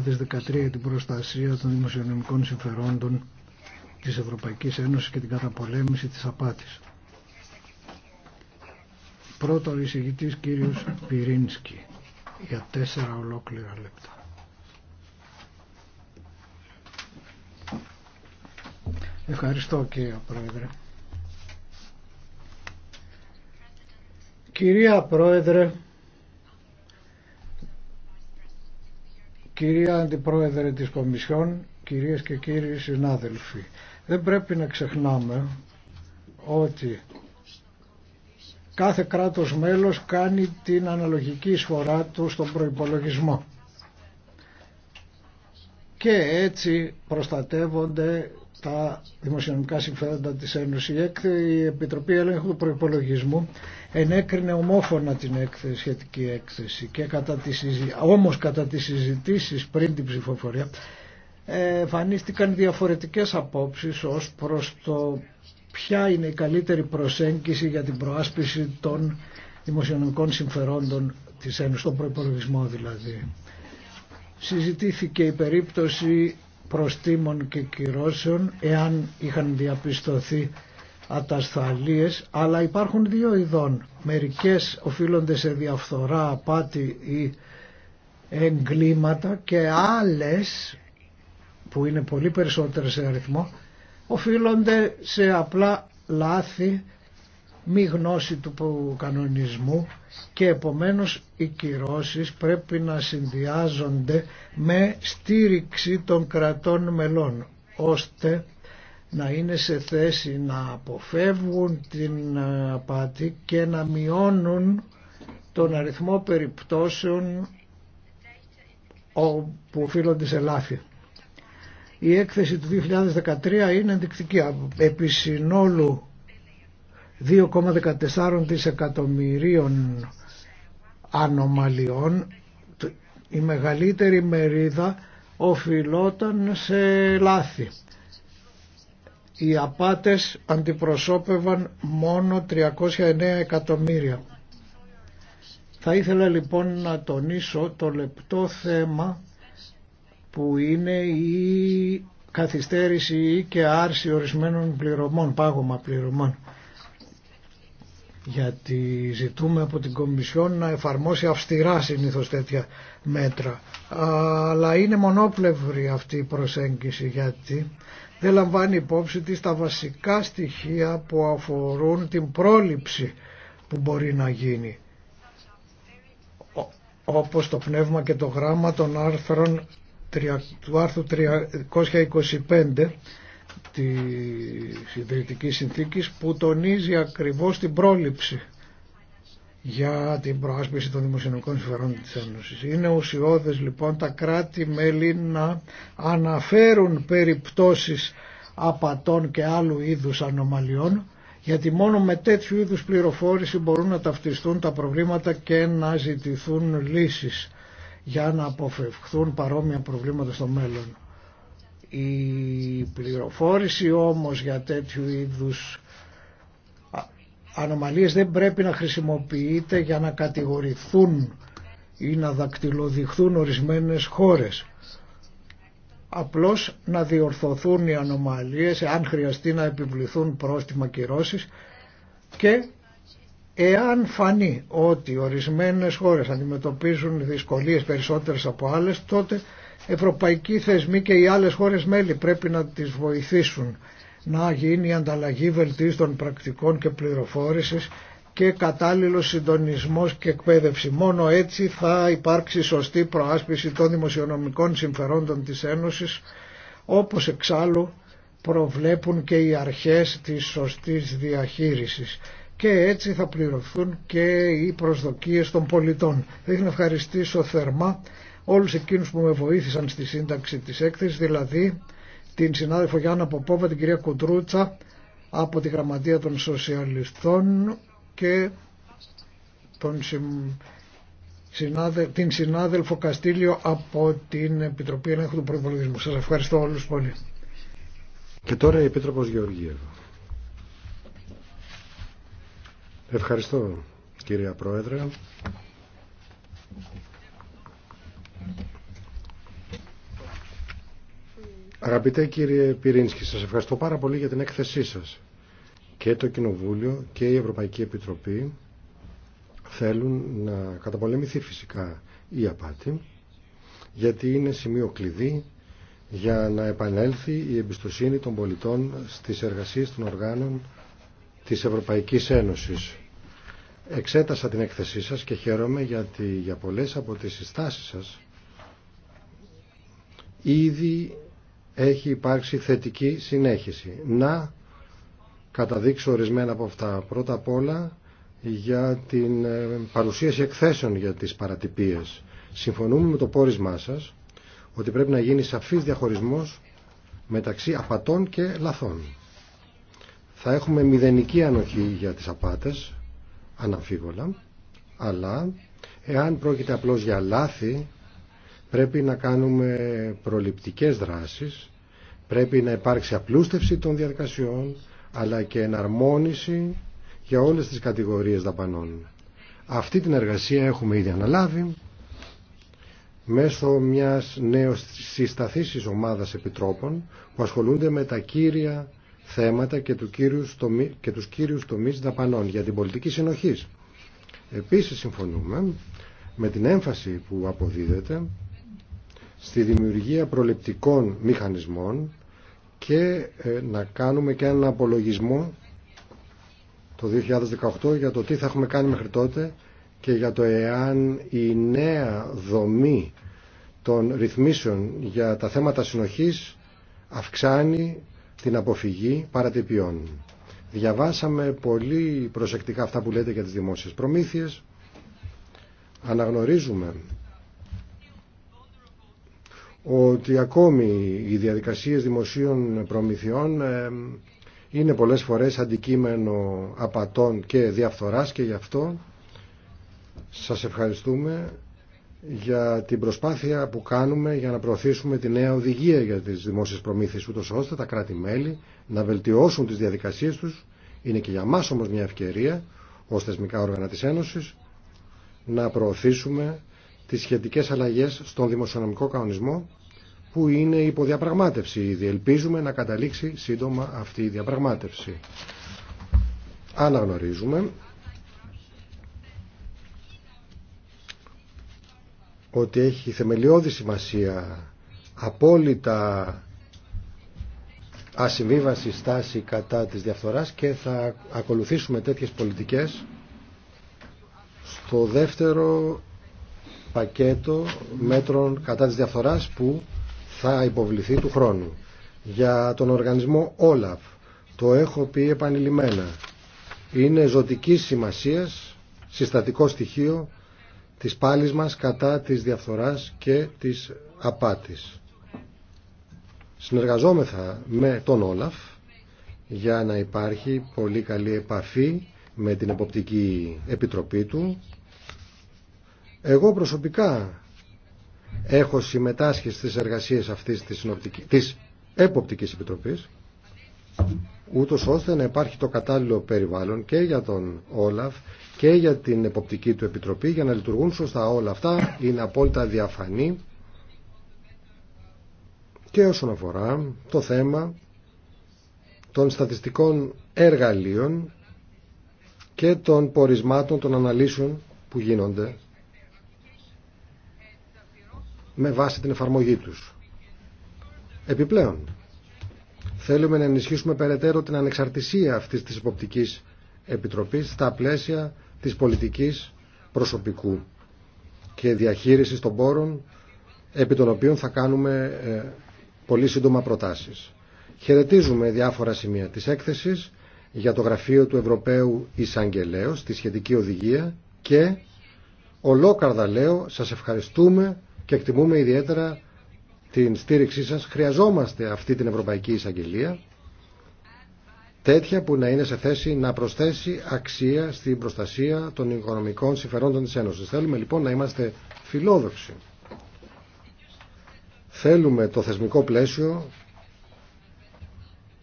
2013 την προστασία των δημοσιονομικών συμφερόντων της Ευρωπαϊκής Ένωσης και την καταπολέμηση της απάτης. Πρώτο ο εισηγητής κύριος Πυρίνσκι για τέσσερα ολόκληρα λεπτά. Ευχαριστώ κύριε Πρόεδρε. Κυρία Πρόεδρε, Κυρία Αντιπρόεδρε της Κομισιόν, κυρίες και κύριοι συνάδελφοι, δεν πρέπει να ξεχνάμε ότι κάθε κράτος μέλος κάνει την αναλογική εισφορά του στον προϋπολογισμό. Και έτσι προστατεύονται τα δημοσιονομικά συμφέροντα της Ένωσης. Η Επιτροπή Έλεγχου του Προϋπολογισμού ενέκρινε ομόφωνα την έκθεση, σχετική έκθεση και κατά τις, όμως κατά τις συζητήσεις πριν την ψηφοφορία εμφανίστηκαν διαφορετικές απόψεις ως προς το ποια είναι η καλύτερη προσέγγιση για την προάσπιση των δημοσιονομικών συμφερόντων της Ένωσης, τον προϋπολογισμό δηλαδή. Συζητήθηκε η περίπτωση προστήμων και κυρώσεων εάν είχαν διαπιστωθεί ατασθαλίες, αλλά υπάρχουν δύο ειδών. Μερικές οφείλονται σε διαφθορά, απάτη ή εγκλήματα και άλλες, που είναι πολύ περισσότερες σε αριθμό, οφείλονται σε απλά λάθη μη γνώση του κανονισμού και επομένως οι κυρώσεις πρέπει να συνδυάζονται με στήριξη των κρατών μελών ώστε να είναι σε θέση να αποφεύγουν την ε, απάτη και να μειώνουν τον αριθμό περιπτώσεων που οφείλονται σε λάθη. Η έκθεση του 2013 είναι ενδεικτική. Επί συνόλου 2,14 δισεκατομμυρίων ανομαλιών η μεγαλύτερη μερίδα οφειλόταν σε λάθη. Οι απάτες αντιπροσώπευαν μόνο 309 εκατομμύρια. Θα ήθελα λοιπόν να τονίσω το λεπτό θέμα που είναι η καθυστέρηση ή και άρση ορισμένων πληρωμών, πάγωμα πληρωμών γιατί ζητούμε από την Κομισιόν να εφαρμόσει αυστηρά συνήθως τέτοια μέτρα. Αλλά είναι μονόπλευρη αυτή η προσέγγιση γιατί δεν λαμβάνει υπόψη της τα βασικά στοιχεία που αφορούν την πρόληψη που μπορεί να γίνει όπως το πνεύμα και το γράμμα των άρθρων του άρθρου 325 τη ιδρυτικής συνθήκης που τονίζει ακριβώς την πρόληψη για την προάσπιση των δημοσιονομικών συμφερόντων της Ένωσης. Είναι ουσιώδες λοιπόν τα κράτη-μέλη να αναφέρουν περιπτώσεις απατών και άλλου είδους ανομαλιών γιατί μόνο με τέτοιου είδους πληροφόρηση μπορούν να ταυτιστούν τα προβλήματα και να ζητηθούν λύσεις για να αποφευχθούν παρόμοια προβλήματα στο μέλλον. Η πληροφόρηση όμως για τέτοιου είδους ανομαλίες δεν πρέπει να χρησιμοποιείται για να κατηγορηθούν ή να δακτυλοδειχθούν ορισμένες χώρες. Απλώς να διορθωθούν οι ανομαλίες εάν χρειαστεί να επιβληθούν πρόστιμα κυρώσεις και εάν φανεί ότι ορισμένες χώρες αντιμετωπίζουν δυσκολίες περισσότερες από άλλες τότε ευρωπαϊκοί θεσμοί και οι άλλες χώρες μέλη πρέπει να τις βοηθήσουν να γίνει η ανταλλαγή βελτίστων πρακτικών και πληροφόρησης και κατάλληλος συντονισμός και εκπαίδευση. Μόνο έτσι θα υπάρξει σωστή προάσπιση των δημοσιονομικών συμφερόντων της Ένωσης όπως εξάλλου προβλέπουν και οι αρχές της σωστής διαχείρισης και έτσι θα πληρωθούν και οι προσδοκίες των πολιτών. Θα ήθελα να ευχαριστήσω θερμά όλους εκείνους που με βοήθησαν στη σύνταξη της έκθεσης, δηλαδή την συνάδελφο Γιάννα Ποπόβα, την κυρία Κουντρούτσα από τη Γραμματεία των Σοσιαλιστών και τον την συνάδελφο Καστήλιο από την Επιτροπή Ελέγχου του Προϋπολογισμού. Σας ευχαριστώ όλους πολύ. Και τώρα η Επίτροπος Γεωργίευα. Ευχαριστώ κυρία Πρόεδρε. Αγαπητέ κύριε Πυρίνσκη, σας ευχαριστώ πάρα πολύ για την έκθεσή σας. Και το Κοινοβούλιο και η Ευρωπαϊκή Επιτροπή θέλουν να καταπολεμηθεί φυσικά η απάτη, γιατί είναι σημείο κλειδί για να επανέλθει η εμπιστοσύνη των πολιτών στις εργασίες των οργάνων της Ευρωπαϊκής Ένωσης. Εξέτασα την έκθεσή σας και χαίρομαι γιατί για πολλές από τις συστάσεις σας ήδη έχει υπάρξει θετική συνέχιση. Να καταδείξω ορισμένα από αυτά. Πρώτα απ' όλα για την ε, παρουσίαση εκθέσεων για τις παρατυπίες. Συμφωνούμε με το πόρισμά σας ότι πρέπει να γίνει σαφής διαχωρισμός μεταξύ απατών και λαθών. Θα έχουμε μηδενική ανοχή για τις απάτες, αναμφίβολα, αλλά εάν πρόκειται απλώς για λάθη Πρέπει να κάνουμε προληπτικές δράσεις, πρέπει να υπάρξει απλούστευση των διαδικασιών, αλλά και εναρμόνιση για όλες τις κατηγορίες δαπανών. Αυτή την εργασία έχουμε ήδη αναλάβει μέσω μιας νέος συσταθήσης ομάδας επιτρόπων που ασχολούνται με τα κύρια θέματα και, του κύριου τομεί και τους κύριους τομείς δαπανών για την πολιτική συνοχής. Επίσης συμφωνούμε με την έμφαση που αποδίδεται στη δημιουργία προληπτικών μηχανισμών και ε, να κάνουμε και έναν απολογισμό το 2018 για το τι θα έχουμε κάνει μέχρι τότε και για το εάν η νέα δομή των ρυθμίσεων για τα θέματα συνοχής αυξάνει την αποφυγή παρατυπιών. Διαβάσαμε πολύ προσεκτικά αυτά που λέτε για τις δημόσιες προμήθειες. Αναγνωρίζουμε ότι ακόμη οι διαδικασίες δημοσίων προμηθειών ε, είναι πολλές φορές αντικείμενο απατών και διαφθοράς και γι' αυτό σας ευχαριστούμε για την προσπάθεια που κάνουμε για να προωθήσουμε τη νέα οδηγία για τις δημόσιες προμήθειες ούτως ώστε τα κράτη-μέλη να βελτιώσουν τις διαδικασίες τους είναι και για μας όμως μια ευκαιρία ως θεσμικά όργανα της Ένωσης να προωθήσουμε τις σχετικές αλλαγές στον δημοσιονομικό κανονισμό που είναι υποδιαπραγμάτευση ήδη. Ελπίζουμε να καταλήξει σύντομα αυτή η διαπραγμάτευση. Αναγνωρίζουμε ότι έχει θεμελιώδη σημασία απόλυτα ασυμβίβαση στάση κατά της διαφθοράς και θα ακολουθήσουμε τέτοιες πολιτικές στο δεύτερο πακέτο μέτρων κατά της διαφθοράς που θα υποβληθεί του χρόνου. Για τον οργανισμό Όλαφ, το έχω πει επανειλημμένα, είναι ζωτική σημασίας, συστατικό στοιχείο της πάλης μας κατά της διαφθοράς και της απάτης. Συνεργαζόμεθα με τον Όλαφ για να υπάρχει πολύ καλή επαφή με την Εποπτική Επιτροπή του εγώ προσωπικά έχω συμμετάσχει στις εργασίες αυτής της, συνοπτικής, της Εποπτικής Επιτροπής ούτως ώστε να υπάρχει το κατάλληλο περιβάλλον και για τον Όλαφ και για την Εποπτική του Επιτροπή για να λειτουργούν σωστά όλα αυτά είναι απόλυτα διαφανή και όσον αφορά το θέμα των στατιστικών εργαλείων και των πορισμάτων των αναλύσεων που γίνονται με βάση την εφαρμογή τους. Επιπλέον, θέλουμε να ενισχύσουμε περαιτέρω την ανεξαρτησία αυτής της υποπτικής επιτροπής στα πλαίσια της πολιτικής προσωπικού και διαχείρισης των πόρων επί των οποίων θα κάνουμε ε, πολύ σύντομα προτάσεις. Χαιρετίζουμε διάφορα σημεία της έκθεσης για το γραφείο του Ευρωπαίου Ισαγγελέως, τη σχετική οδηγία και ολόκαρδα λέω σας ευχαριστούμε και εκτιμούμε ιδιαίτερα την στήριξή σας. Χρειαζόμαστε αυτή την Ευρωπαϊκή Εισαγγελία τέτοια που να είναι σε θέση να προσθέσει αξία στην προστασία των οικονομικών συμφερόντων της Ένωσης. Θέλουμε λοιπόν να είμαστε φιλόδοξοι. Θέλουμε το θεσμικό πλαίσιο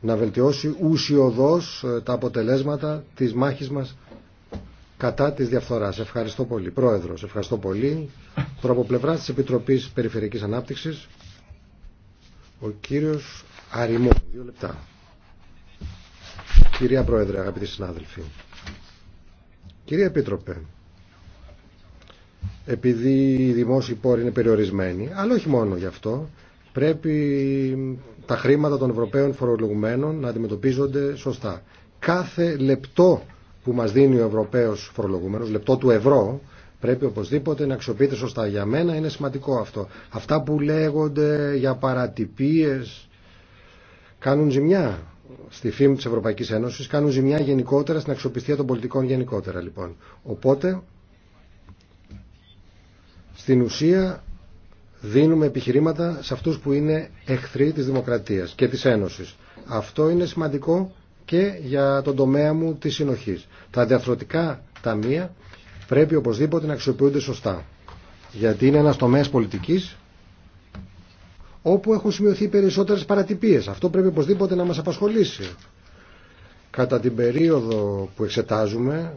να βελτιώσει ουσιοδός ε, τα αποτελέσματα της μάχης μας κατά τη διαφθορά, Ευχαριστώ πολύ. Πρόεδρο, ευχαριστώ πολύ. Τώρα από πλευρά τη Επιτροπής Περιφερειακής Ανάπτυξης, ο κύριος Αριμό. Δύο λεπτά. Κυρία Πρόεδρε, αγαπητοί συνάδελφοι. Κυρία Επίτροπε, επειδή οι δημόσιοι πόροι είναι περιορισμένοι, αλλά όχι μόνο γι' αυτό, πρέπει τα χρήματα των Ευρωπαίων φορολογουμένων να αντιμετωπίζονται σωστά. Κάθε λεπτό που μας δίνει ο Ευρωπαίος φορολογούμενος, λεπτό του ευρώ, πρέπει οπωσδήποτε να αξιοποιείται σωστά. Για μένα είναι σημαντικό αυτό. Αυτά που λέγονται για παρατυπίες κάνουν ζημιά στη φήμη της Ευρωπαϊκής Ένωσης, κάνουν ζημιά γενικότερα στην αξιοπιστία των πολιτικών γενικότερα λοιπόν. Οπότε, στην ουσία δίνουμε επιχειρήματα σε αυτούς που είναι εχθροί της δημοκρατίας και της Ένωσης. Αυτό είναι σημαντικό και για τον τομέα μου της συνοχής. Τα διαφροντικά ταμεία πρέπει οπωσδήποτε να αξιοποιούνται σωστά. Γιατί είναι ένας τομέας πολιτικής όπου έχουν σημειωθεί περισσότερες παρατυπίες. Αυτό πρέπει οπωσδήποτε να μας απασχολήσει. Κατά την περίοδο που εξετάζουμε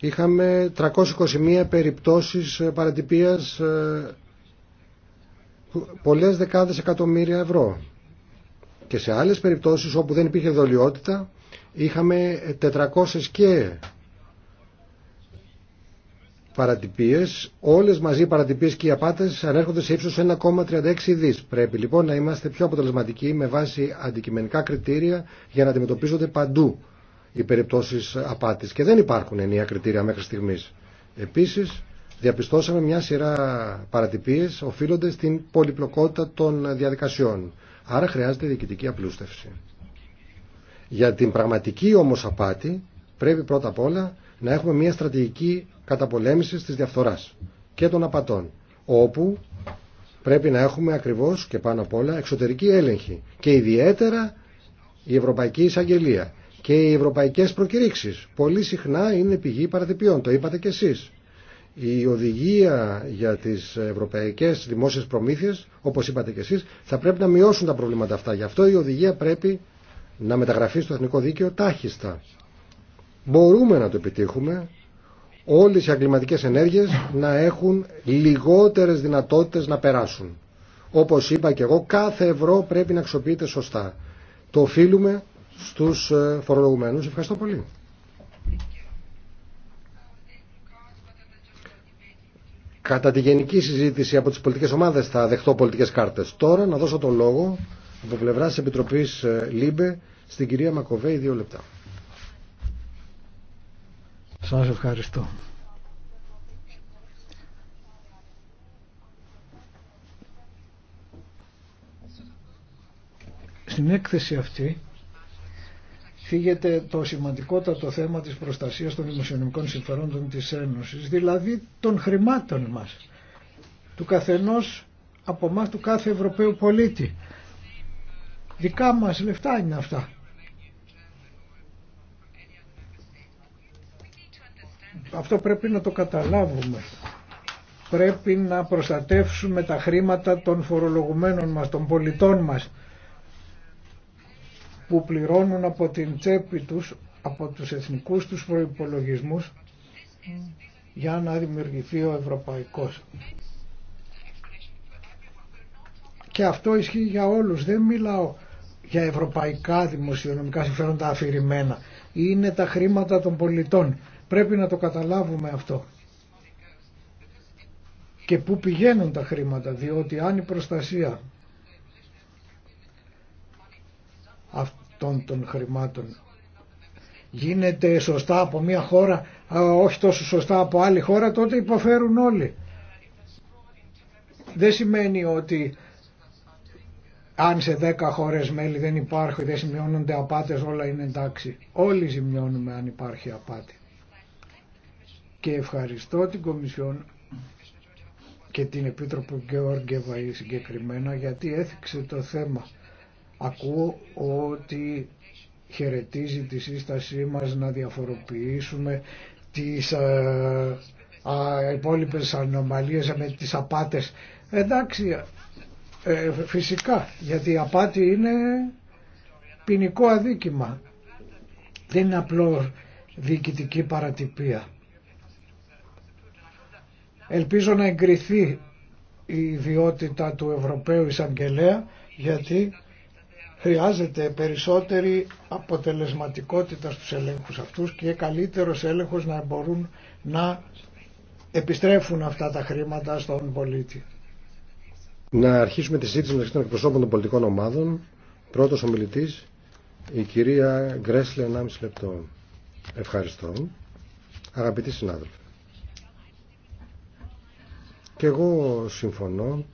είχαμε 321 περιπτώσεις παρατυπίας ε, πολλές δεκάδες εκατομμύρια ευρώ. Και σε άλλες περιπτώσεις όπου δεν υπήρχε δολιότητα είχαμε 400 και παρατυπίες, όλες μαζί οι παρατυπίες και οι απάτες ανέρχονται σε ύψος 1,36 δις. Πρέπει λοιπόν να είμαστε πιο αποτελεσματικοί με βάση αντικειμενικά κριτήρια για να αντιμετωπίζονται παντού οι περιπτώσεις απάτης και δεν υπάρχουν ενιαία κριτήρια μέχρι στιγμής. Επίσης, διαπιστώσαμε μια σειρά παρατυπίες οφείλονται στην πολυπλοκότητα των διαδικασιών. Άρα χρειάζεται διοικητική απλούστευση. Για την πραγματική όμως απάτη πρέπει πρώτα απ' όλα να έχουμε μια στρατηγική καταπολέμηση της διαφθοράς και των απατών, όπου πρέπει να έχουμε ακριβώς και πάνω απ' όλα εξωτερική έλεγχη και ιδιαίτερα η Ευρωπαϊκή Εισαγγελία και οι ευρωπαϊκές προκηρύξεις. Πολύ συχνά είναι πηγή παρατυπιών, το είπατε κι εσείς η οδηγία για τις ευρωπαϊκές δημόσιες προμήθειες, όπως είπατε και εσείς, θα πρέπει να μειώσουν τα προβλήματα αυτά. Γι' αυτό η οδηγία πρέπει να μεταγραφεί στο εθνικό δίκαιο τάχιστα. Μπορούμε να το επιτύχουμε όλες οι αγκληματικές ενέργειες να έχουν λιγότερες δυνατότητες να περάσουν. Όπως είπα και εγώ, κάθε ευρώ πρέπει να αξιοποιείται σωστά. Το οφείλουμε στους ε, φορολογουμένους. Ευχαριστώ πολύ. Κατά τη γενική συζήτηση από τις πολιτικές ομάδες θα δεχτώ πολιτικές κάρτες. Τώρα να δώσω το λόγο από πλευρά τη Επιτροπής ε, ΛΥΜΠΕ στην κυρία Μακοβέη δύο λεπτά. Σας ευχαριστώ. Στην έκθεση αυτή φύγεται το σημαντικότατο θέμα της προστασίας των δημοσιονομικών συμφερόντων της Ένωσης, δηλαδή των χρημάτων μας, του καθενός από εμά του κάθε Ευρωπαίου πολίτη. Δικά μας λεφτά είναι αυτά. Αυτό πρέπει να το καταλάβουμε. Πρέπει να προστατεύσουμε τα χρήματα των φορολογουμένων μας, των πολιτών μας που πληρώνουν από την τσέπη τους, από τους εθνικούς τους προϋπολογισμούς για να δημιουργηθεί ο ευρωπαϊκός. Και αυτό ισχύει για όλους. Δεν μιλάω για ευρωπαϊκά δημοσιονομικά συμφέροντα αφηρημένα. Είναι τα χρήματα των πολιτών. Πρέπει να το καταλάβουμε αυτό. Και πού πηγαίνουν τα χρήματα, διότι αν η προστασία αυτών των χρημάτων. Γίνεται σωστά από μια χώρα, όχι τόσο σωστά από άλλη χώρα, τότε υποφέρουν όλοι. Δεν σημαίνει ότι αν σε 10 χώρες μέλη δεν υπάρχουν, δεν σημειώνονται απάτες, όλα είναι εντάξει. Όλοι σημειώνουμε αν υπάρχει απάτη. Και ευχαριστώ την Κομισιόν και την Επίτροπο Βαΐ συγκεκριμένα γιατί έθιξε το θέμα Ακούω ότι χαιρετίζει τη σύστασή μας να διαφοροποιήσουμε τις υπόλοιπε α, υπόλοιπες με τις απάτες. Εντάξει, ε, φυσικά, γιατί η απάτη είναι ποινικό αδίκημα. Δεν είναι απλό διοικητική παρατυπία. Ελπίζω να εγκριθεί η ιδιότητα του Ευρωπαίου Ισαγγελέα γιατί Χρειάζεται περισσότερη αποτελεσματικότητα στους ελέγχους αυτούς και καλύτερος έλεγχος να μπορούν να επιστρέφουν αυτά τα χρήματα στον πολίτη. Να αρχίσουμε τη συζήτηση μεταξύ των εκπροσώπων των πολιτικών ομάδων. Πρώτος ομιλητής, η κυρία Γκρέσλε, 1,5 λεπτό. Ευχαριστώ. Αγαπητοί συνάδελφοι. Και εγώ συμφωνώ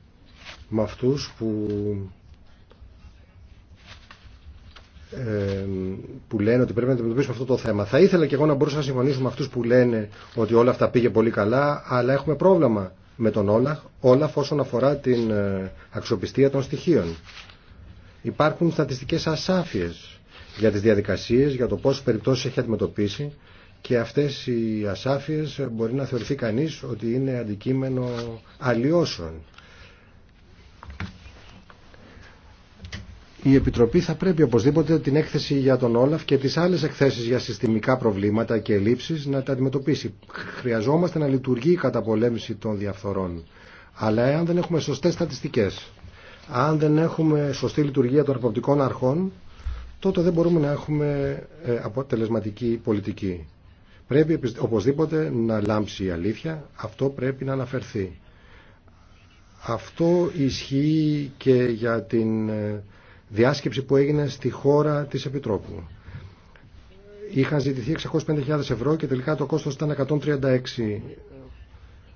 με αυτούς που ε, που λένε ότι πρέπει να αντιμετωπίσουμε αυτό το θέμα. Θα ήθελα και εγώ να μπορούσα να συμφωνήσω με αυτού που λένε ότι όλα αυτά πήγε πολύ καλά, αλλά έχουμε πρόβλημα με τον Όλαχ, Όλαφ όσον αφορά την ε, αξιοπιστία των στοιχείων. Υπάρχουν στατιστικές ασάφειες για τις διαδικασίες, για το πόσε περιπτώσει έχει αντιμετωπίσει και αυτέ οι ασάφειες μπορεί να θεωρηθεί κανεί ότι είναι αντικείμενο αλλοιώσεων. η Επιτροπή θα πρέπει οπωσδήποτε την έκθεση για τον Όλαφ και τις άλλες εκθέσεις για συστημικά προβλήματα και ελλείψεις να τα αντιμετωπίσει. Χρειαζόμαστε να λειτουργεί η καταπολέμηση των διαφθορών. Αλλά εάν δεν έχουμε σωστές στατιστικές, αν δεν έχουμε σωστή λειτουργία των αρποπτικών αρχών, τότε δεν μπορούμε να έχουμε ε, αποτελεσματική πολιτική. Πρέπει οπωσδήποτε να λάμψει η αλήθεια, αυτό πρέπει να αναφερθεί. Αυτό ισχύει και για την ε, διάσκεψη που έγινε στη χώρα της Επιτρόπου. Είχαν ζητηθεί 605.000 ευρώ και τελικά το κόστος ήταν 136.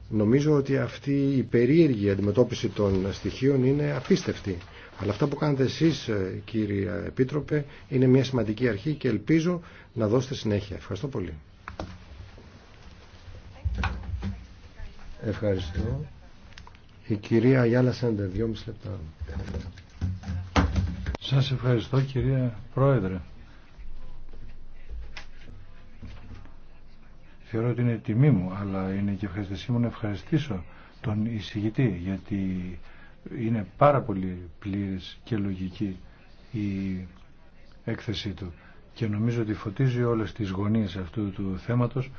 Νομίζω ότι αυτή η περίεργη αντιμετώπιση των στοιχείων είναι απίστευτη. Αλλά αυτά που κάνετε εσείς ε, κύριε Επίτροπε είναι μια σημαντική αρχή και ελπίζω να δώσετε συνέχεια. Ευχαριστώ πολύ. Ευχαριστώ. Η κυρία Γιάλα Σέντερ, λεπτά. Σας ευχαριστώ κυρία Πρόεδρε. Θεωρώ ότι είναι τιμή μου, αλλά είναι και ευχαριστησή μου να ευχαριστήσω τον εισηγητή, γιατί είναι πάρα πολύ πλήρης και λογική η έκθεσή του και νομίζω ότι φωτίζει όλες τις γωνίες αυτού του θέματος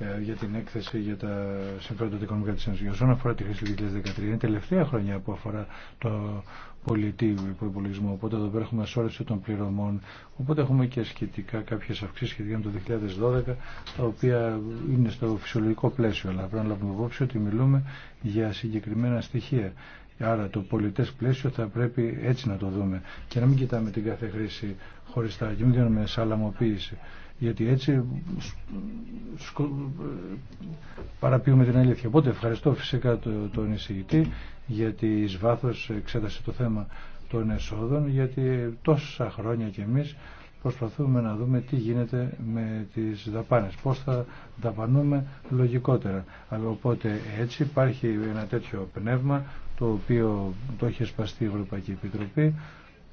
ε, για την έκθεση για τα συμφέροντα οικονομικά της Ένωσης. Όσον αφορά τη χρήση του 2013, είναι τελευταία χρονιά που αφορά το πολιτή προπολογισμό. Οπότε εδώ πέρα έχουμε ασόρευση των πληρωμών. Οπότε έχουμε και σχετικά κάποιε αυξήσει σχετικά με το 2012, τα οποία είναι στο φυσιολογικό πλαίσιο. Αλλά πρέπει να λάβουμε υπόψη ότι μιλούμε για συγκεκριμένα στοιχεία. Άρα το πολιτέ πλαίσιο θα πρέπει έτσι να το δούμε και να μην κοιτάμε την κάθε χρήση χωριστά και μην κάνουμε σαλαμοποίηση γιατί έτσι παραποιούμε την αλήθεια. Οπότε ευχαριστώ φυσικά τον εισηγητή γιατί εις βάθος εξέτασε το θέμα των εσόδων γιατί τόσα χρόνια κι εμείς προσπαθούμε να δούμε τι γίνεται με τις δαπάνες, πώς θα δαπανούμε λογικότερα. Αλλά οπότε έτσι υπάρχει ένα τέτοιο πνεύμα το οποίο το έχει σπαστεί η Ευρωπαϊκή Επιτροπή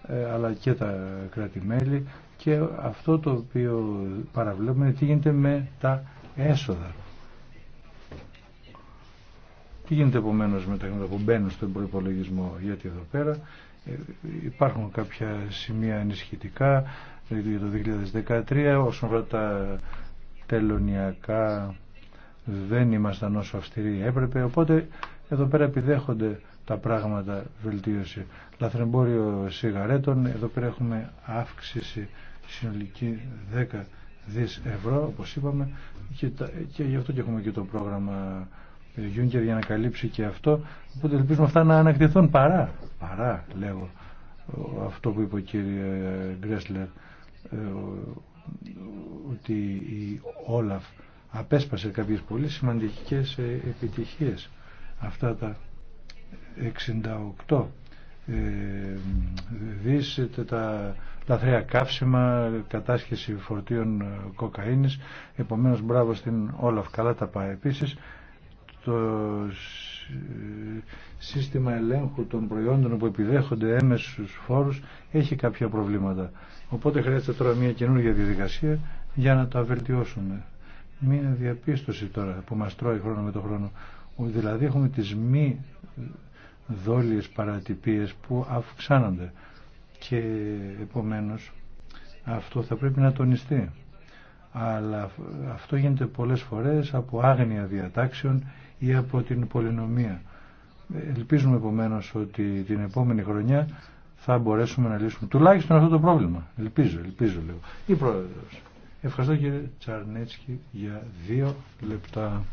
ε, αλλά και τα κράτη-μέλη και αυτό το οποίο παραβλέπουμε είναι τι γίνεται με τα έσοδα. Τι γίνεται επομένω με τα χρήματα που μπαίνουν στον προπολογισμό, γιατί εδώ πέρα ε, υπάρχουν κάποια σημεία ενισχυτικά δηλαδή για το 2013 όσον αφορά τα τελωνιακά δεν ήμασταν όσο αυστηροί έπρεπε οπότε εδώ πέρα επιδέχονται τα πράγματα βελτίωση λαθρεμπόριο σιγαρέτων εδώ πέρα έχουμε αύξηση συνολική 10 δις ευρώ, όπως είπαμε, και, και γι' αυτό και έχουμε και το πρόγραμμα Juncker για να καλύψει και αυτό. Οπότε ελπίζουμε αυτά να ανακτηθούν παρά, παρά λέγω, αυτό που είπε ο κύριε Γκρέσλερ, ε, ότι η Όλαφ απέσπασε κάποιες πολύ σημαντικές ε, επιτυχίες αυτά τα 68 ε, τα λαθρέα καύσιμα, κατάσχεση φορτίων ε, κοκαίνης. Επομένως, μπράβο στην Όλαφ. Καλά τα πάει. Επίσης, το ε, σύστημα ελέγχου των προϊόντων που επιδέχονται έμεσους φόρους έχει κάποια προβλήματα. Οπότε χρειάζεται τώρα μια καινούργια διαδικασία για να τα βελτιώσουμε. Μια διαπίστωση τώρα που μας τρώει χρόνο με το χρόνο. Δηλαδή έχουμε τις μη δόλιες παρατυπίες που αυξάνονται και επομένως αυτό θα πρέπει να τονιστεί. Αλλά αυτό γίνεται πολλές φορές από άγνοια διατάξεων ή από την πολυνομία. Ελπίζουμε επομένως ότι την επόμενη χρονιά θα μπορέσουμε να λύσουμε τουλάχιστον αυτό το πρόβλημα. Ελπίζω, ελπίζω λέω. Η πρόεδρος. Ευχαριστώ κύριε Τσαρνέτσκι για δύο λεπτά.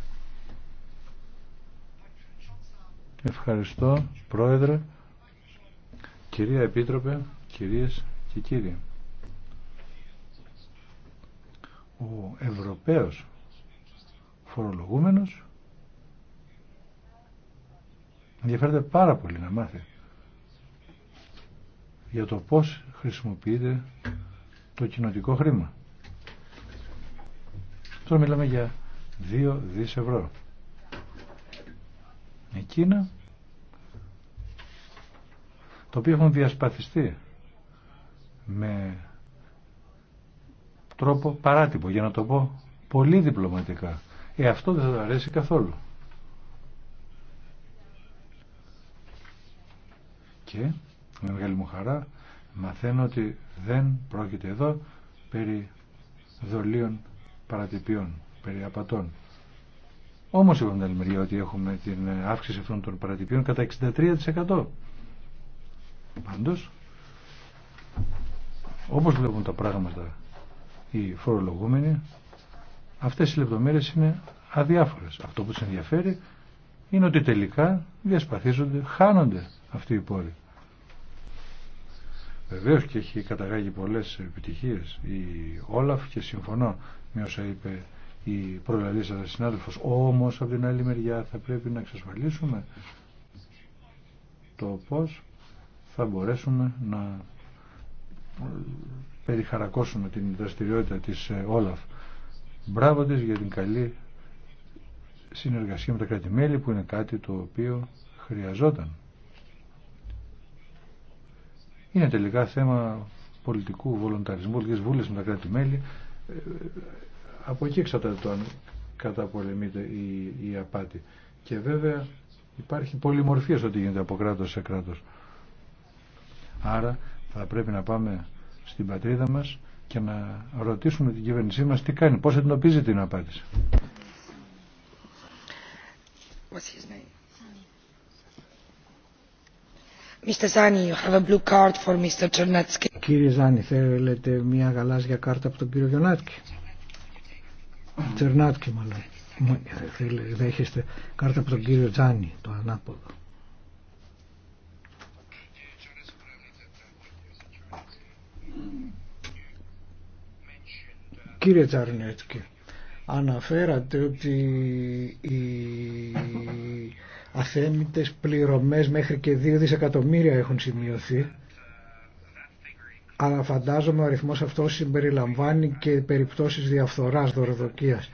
Ευχαριστώ πρόεδρε. Κυρία Επίτροπε κυρίες και κύριοι. Ο Ευρωπαίος φορολογούμενος ενδιαφέρεται πάρα πολύ να μάθει για το πώς χρησιμοποιείται το κοινοτικό χρήμα. Τώρα μιλάμε για 2 δις ευρώ. Εκείνα το οποίο έχουν διασπαθιστεί με τρόπο παράτυπο, για να το πω πολύ διπλωματικά. Ε, αυτό δεν θα το αρέσει καθόλου. Και με μεγάλη μου χαρά μαθαίνω ότι δεν πρόκειται εδώ περί δολίων παρατυπιών, περί απατών. Όμως είπαμε την άλλη ότι έχουμε την αύξηση αυτών των παρατυπιών κατά 63%. Πάντως, όπως βλέπουν τα πράγματα οι φορολογούμενοι, αυτές οι λεπτομέρειες είναι αδιάφορες. Αυτό που τους ενδιαφέρει είναι ότι τελικά διασπαθίζονται, χάνονται αυτοί οι πόροι. Βεβαίω και έχει καταγάγει πολλές επιτυχίες η Όλαφ και συμφωνώ με όσα είπε η προλαλή σας συνάδελφος. Όμως από την άλλη μεριά θα πρέπει να εξασφαλίσουμε το πώς θα μπορέσουμε να περιχαρακώσουμε την δραστηριότητα της ε, Όλαφ. Μπράβο της για την καλή συνεργασία με τα κρατη που είναι κάτι το οποίο χρειαζόταν. Είναι τελικά θέμα πολιτικού βολονταρισμού, πολιτικής βούλης με τα κράτη-μέλη. Ε, από εκεί εξαρτάται το αν καταπολεμείται η, απάτη. Και βέβαια υπάρχει πολυμορφία στο ότι γίνεται από κράτος σε κράτος. Άρα θα πρέπει να πάμε στην πατρίδα μας και να ρωτήσουμε την κυβέρνησή μας τι κάνει, πώς εντοπίζει την απάντηση. Κύριε Ζάνη, θέλετε μια γαλάζια κάρτα από τον κύριο Γιονάτκη. Τζερνάτκη μάλλον. Ε, δέχεστε κάρτα από τον κύριο Τζάνι, το ανάποδο. Κύριε Τσάρνετκι, αναφέρατε ότι οι αθέμητες πληρωμές μέχρι και 2 δισεκατομμύρια έχουν σημειωθεί αλλά φαντάζομαι ο αριθμός αυτός συμπεριλαμβάνει και περιπτώσεις διαφθοράς, δωροδοκίας.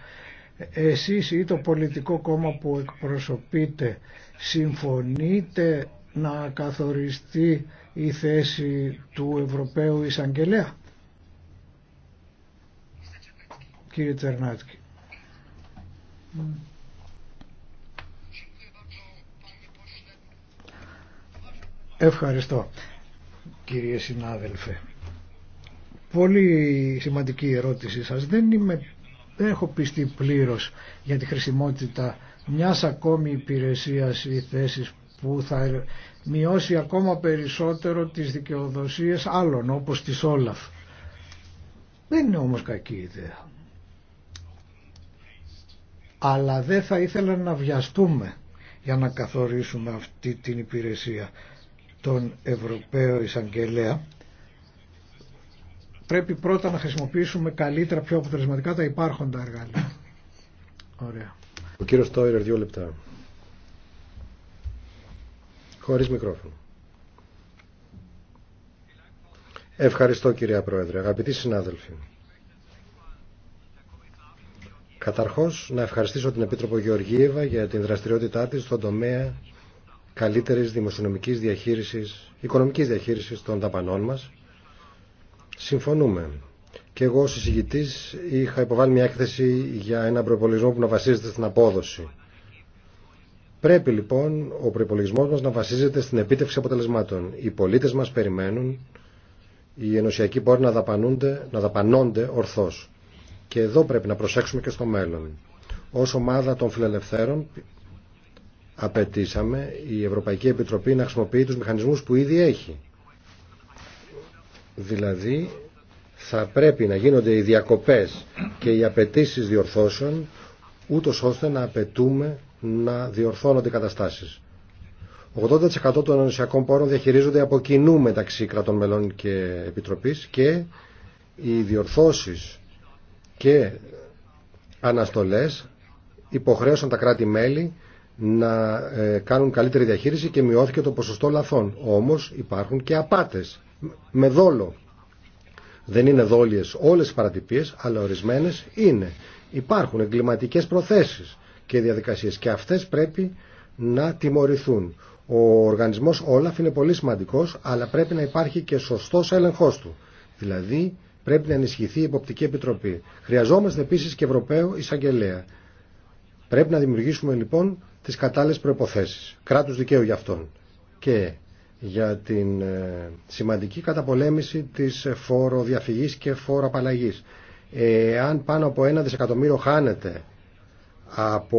Εσείς ή το πολιτικό κόμμα που εκπροσωπείτε συμφωνείτε να καθοριστεί η θέση του Ευρωπαίου Ισαγγελέα. κύριε Τσαρνάτσκι. Ευχαριστώ κύριε συνάδελφε. Πολύ σημαντική ερώτηση σας. Δεν, είμαι, δεν έχω πιστεί πλήρως για τη χρησιμότητα μιας ακόμη υπηρεσίας ή θέσης που θα μειώσει ακόμα περισσότερο τις δικαιοδοσίες άλλων όπως της Όλαφ. Δεν είναι όμως κακή ιδέα αλλά δεν θα ήθελα να βιαστούμε για να καθορίσουμε αυτή την υπηρεσία τον Ευρωπαίο Εισαγγελέα πρέπει πρώτα να χρησιμοποιήσουμε καλύτερα πιο αποτελεσματικά τα υπάρχοντα εργαλεία Ωραία. Ο κύριος Τόιρερ δύο λεπτά χωρίς μικρόφωνο Ευχαριστώ κυρία Πρόεδρε αγαπητοί συνάδελφοι Καταρχώς, να ευχαριστήσω την Επίτροπο Γεωργίευα για την δραστηριότητά της στον τομέα καλύτερης δημοσιονομικής διαχείρισης, οικονομικής διαχείρισης των δαπανών μας. Συμφωνούμε. Και εγώ ως εισηγητής είχα υποβάλει μια έκθεση για ένα προπολογισμό που να βασίζεται στην απόδοση. Πρέπει λοιπόν ο προπολογισμό μας να βασίζεται στην επίτευξη αποτελεσμάτων. Οι πολίτες μας περιμένουν οι ενωσιακοί πόροι να δαπανώνται, να δαπανώνται ορθώς. Και εδώ πρέπει να προσέξουμε και στο μέλλον. Ως ομάδα των φιλελευθέρων απαιτήσαμε η Ευρωπαϊκή Επιτροπή να χρησιμοποιεί τους μηχανισμούς που ήδη έχει. Δηλαδή θα πρέπει να γίνονται οι διακοπές και οι απαιτήσει διορθώσεων ούτως ώστε να απαιτούμε να διορθώνονται οι καταστάσεις. 80% των ενωσιακών πόρων διαχειρίζονται από κοινού μεταξύ κρατών μελών και επιτροπής και οι διορθώσεις και αναστολές υποχρέωσαν τα κράτη-μέλη να ε, κάνουν καλύτερη διαχείριση και μειώθηκε το ποσοστό λαθών. Όμως υπάρχουν και απάτες με δόλο. Δεν είναι δόλιες όλες οι παρατυπίες, αλλά ορισμένες είναι. Υπάρχουν εγκληματικές προθέσεις και διαδικασίες και αυτές πρέπει να τιμωρηθούν. Ο οργανισμός Όλαφ είναι πολύ σημαντικός, αλλά πρέπει να υπάρχει και σωστός έλεγχός του. Δηλαδή Πρέπει να ενισχυθεί η Εποπτική Επιτροπή. Χρειαζόμαστε επίση και Ευρωπαίο Εισαγγελέα. Πρέπει να δημιουργήσουμε λοιπόν τι κατάλληλε προποθέσει. Κράτου δικαίου για αυτόν. Και για την ε, σημαντική καταπολέμηση της φοροδιαφυγή και φοροαπαλλαγής. Αν πάνω από ένα δισεκατομμύριο χάνεται από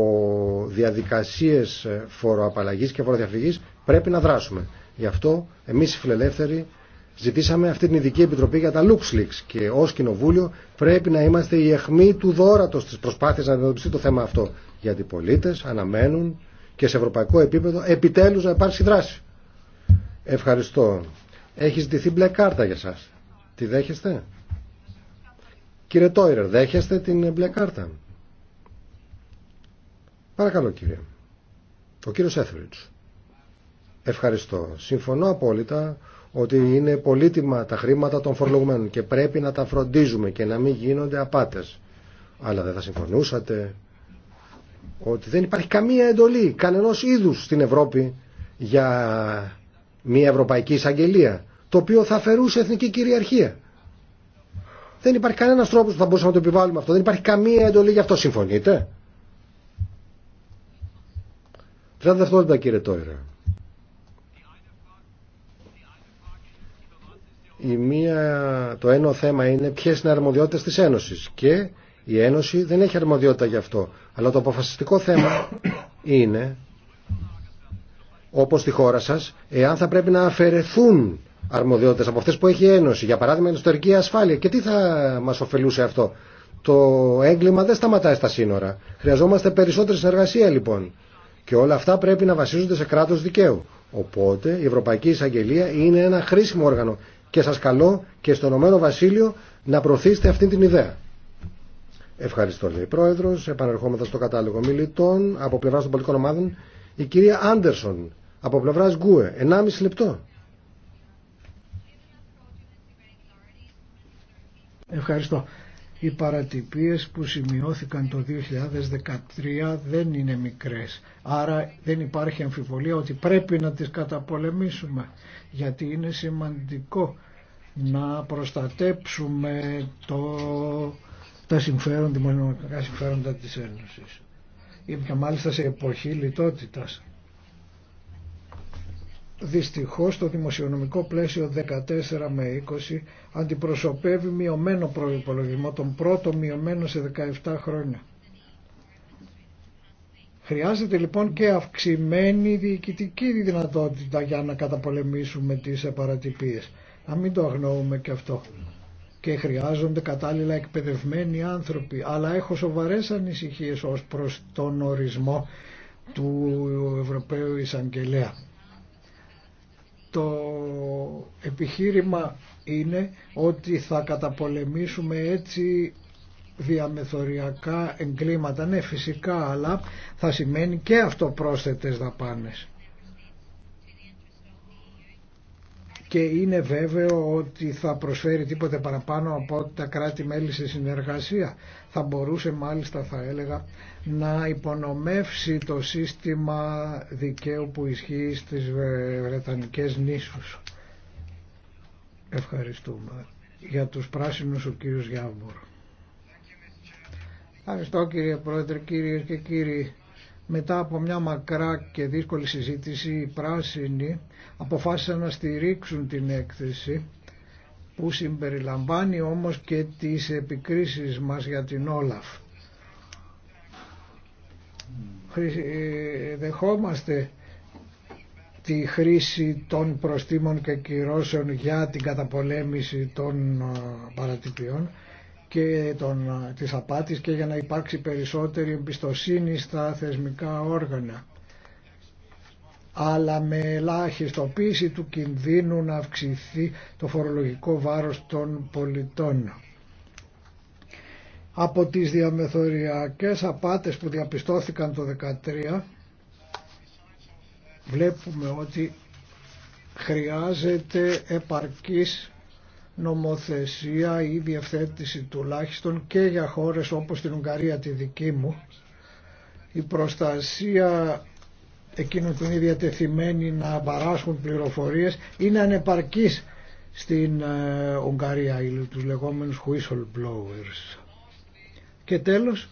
διαδικασίες ε, φοροαπαλλαγή και φοροδιαφυγή, πρέπει να δράσουμε. Γι' αυτό εμεί οι φιλελεύθεροι Ζητήσαμε αυτή την ειδική επιτροπή για τα LuxLeaks και ω κοινοβούλιο πρέπει να είμαστε η αιχμή του δόρατο τη προσπάθεια να αντιμετωπιστεί το θέμα αυτό. Γιατί οι πολίτε αναμένουν και σε ευρωπαϊκό επίπεδο επιτέλου να υπάρξει δράση. Ευχαριστώ. Έχει ζητηθεί μπλε κάρτα για εσά. Τη δέχεστε. Κύριε Τόιρερ, δέχεστε την μπλε κάρτα. Παρακαλώ κύριε. Ο κύριο Έθριτς. Ευχαριστώ. Συμφωνώ απόλυτα ότι είναι πολύτιμα τα χρήματα των φορολογουμένων και πρέπει να τα φροντίζουμε και να μην γίνονται απάτες. Αλλά δεν θα συμφωνούσατε ότι δεν υπάρχει καμία εντολή κανενός είδους στην Ευρώπη για μια ευρωπαϊκή εισαγγελία το οποίο θα αφαιρούσε εθνική κυριαρχία. Δεν υπάρχει κανένα τρόπο που θα μπορούσαμε να το επιβάλλουμε αυτό. Δεν υπάρχει καμία εντολή γι' αυτό. Συμφωνείτε. 30 δευτερόλεπτα κύριε Τόιρα. Η μία, το ένα θέμα είναι ποιε είναι οι αρμοδιότητε τη Ένωση. Και η Ένωση δεν έχει αρμοδιότητα γι' αυτό. Αλλά το αποφασιστικό θέμα είναι, όπω στη χώρα σα, εάν θα πρέπει να αφαιρεθούν αρμοδιότητε από αυτέ που έχει η Ένωση. Για παράδειγμα, η ιστορική ασφάλεια. Και τι θα μα ωφελούσε αυτό. Το έγκλημα δεν σταματάει στα σύνορα. Χρειαζόμαστε περισσότερη συνεργασία λοιπόν. Και όλα αυτά πρέπει να βασίζονται σε κράτο δικαίου. Οπότε η Ευρωπαϊκή Εισαγγελία είναι ένα χρήσιμο όργανο και σας καλώ και στον Ομένο Βασίλειο να προωθήσετε αυτή την ιδέα. Ευχαριστώ, λέει η Πρόεδρος. Επανερχόμεθα στο κατάλογο μιλητών από πλευράς των πολιτικών ομάδων η κυρία Άντερσον από πλευράς Γκούε. 1,5 λεπτό. Ευχαριστώ. Οι παρατυπίες που σημειώθηκαν το 2013 δεν είναι μικρές. Άρα δεν υπάρχει αμφιβολία ότι πρέπει να τις καταπολεμήσουμε. Γιατί είναι σημαντικό να προστατέψουμε το, τα συμφέροντα, συμφέροντα της Ένωσης. Και μάλιστα σε εποχή λιτότητας. Δυστυχώς το δημοσιονομικό πλαίσιο 14 με 20 αντιπροσωπεύει μειωμένο προϋπολογισμό, τον πρώτο μειωμένο σε 17 χρόνια. Χρειάζεται λοιπόν και αυξημένη διοικητική δυνατότητα για να καταπολεμήσουμε τις παρατυπίες. Να μην το αγνοούμε και αυτό. Και χρειάζονται κατάλληλα εκπαιδευμένοι άνθρωποι. Αλλά έχω σοβαρές ανησυχίες ως προς τον ορισμό του Ευρωπαίου Εισαγγελέα το επιχείρημα είναι ότι θα καταπολεμήσουμε έτσι διαμεθοριακά εγκλήματα. Ναι, φυσικά, αλλά θα σημαίνει και αυτό πρόσθετες δαπάνες. και είναι βέβαιο ότι θα προσφέρει τίποτε παραπάνω από ότι τα κράτη-μέλη σε συνεργασία θα μπορούσε μάλιστα θα έλεγα να υπονομεύσει το σύστημα δικαίου που ισχύει στις Βρετανικές νήσους. Ευχαριστούμε. Για τους πράσινους ο κύριος Γιάβορ. Ευχαριστώ κύριε Πρόεδρε, κύριε και κύριοι. Μετά από μια μακρά και δύσκολη συζήτηση, οι πράσινοι αποφάσισαν να στηρίξουν την έκθεση που συμπεριλαμβάνει όμως και τις επικρίσεις μας για την Όλαφ. Ε, δεχόμαστε τη χρήση των προστήμων και κυρώσεων για την καταπολέμηση των ε, παρατυπιών και των, της απάτης και για να υπάρξει περισσότερη εμπιστοσύνη στα θεσμικά όργανα αλλά με ελάχιστοποίηση του κινδύνου να αυξηθεί το φορολογικό βάρος των πολιτών. Από τις διαμεθοριακές απάτες που διαπιστώθηκαν το 2013 βλέπουμε ότι χρειάζεται επαρκής νομοθεσία ή διευθέτηση τουλάχιστον και για χώρες όπως την Ουγγαρία τη δική μου η προστασία εκείνων που είναι διατεθειμένοι να παράσχουν πληροφορίες είναι ανεπαρκής στην ε, Ουγγαρία ή τους λεγόμενους whistleblowers και τέλος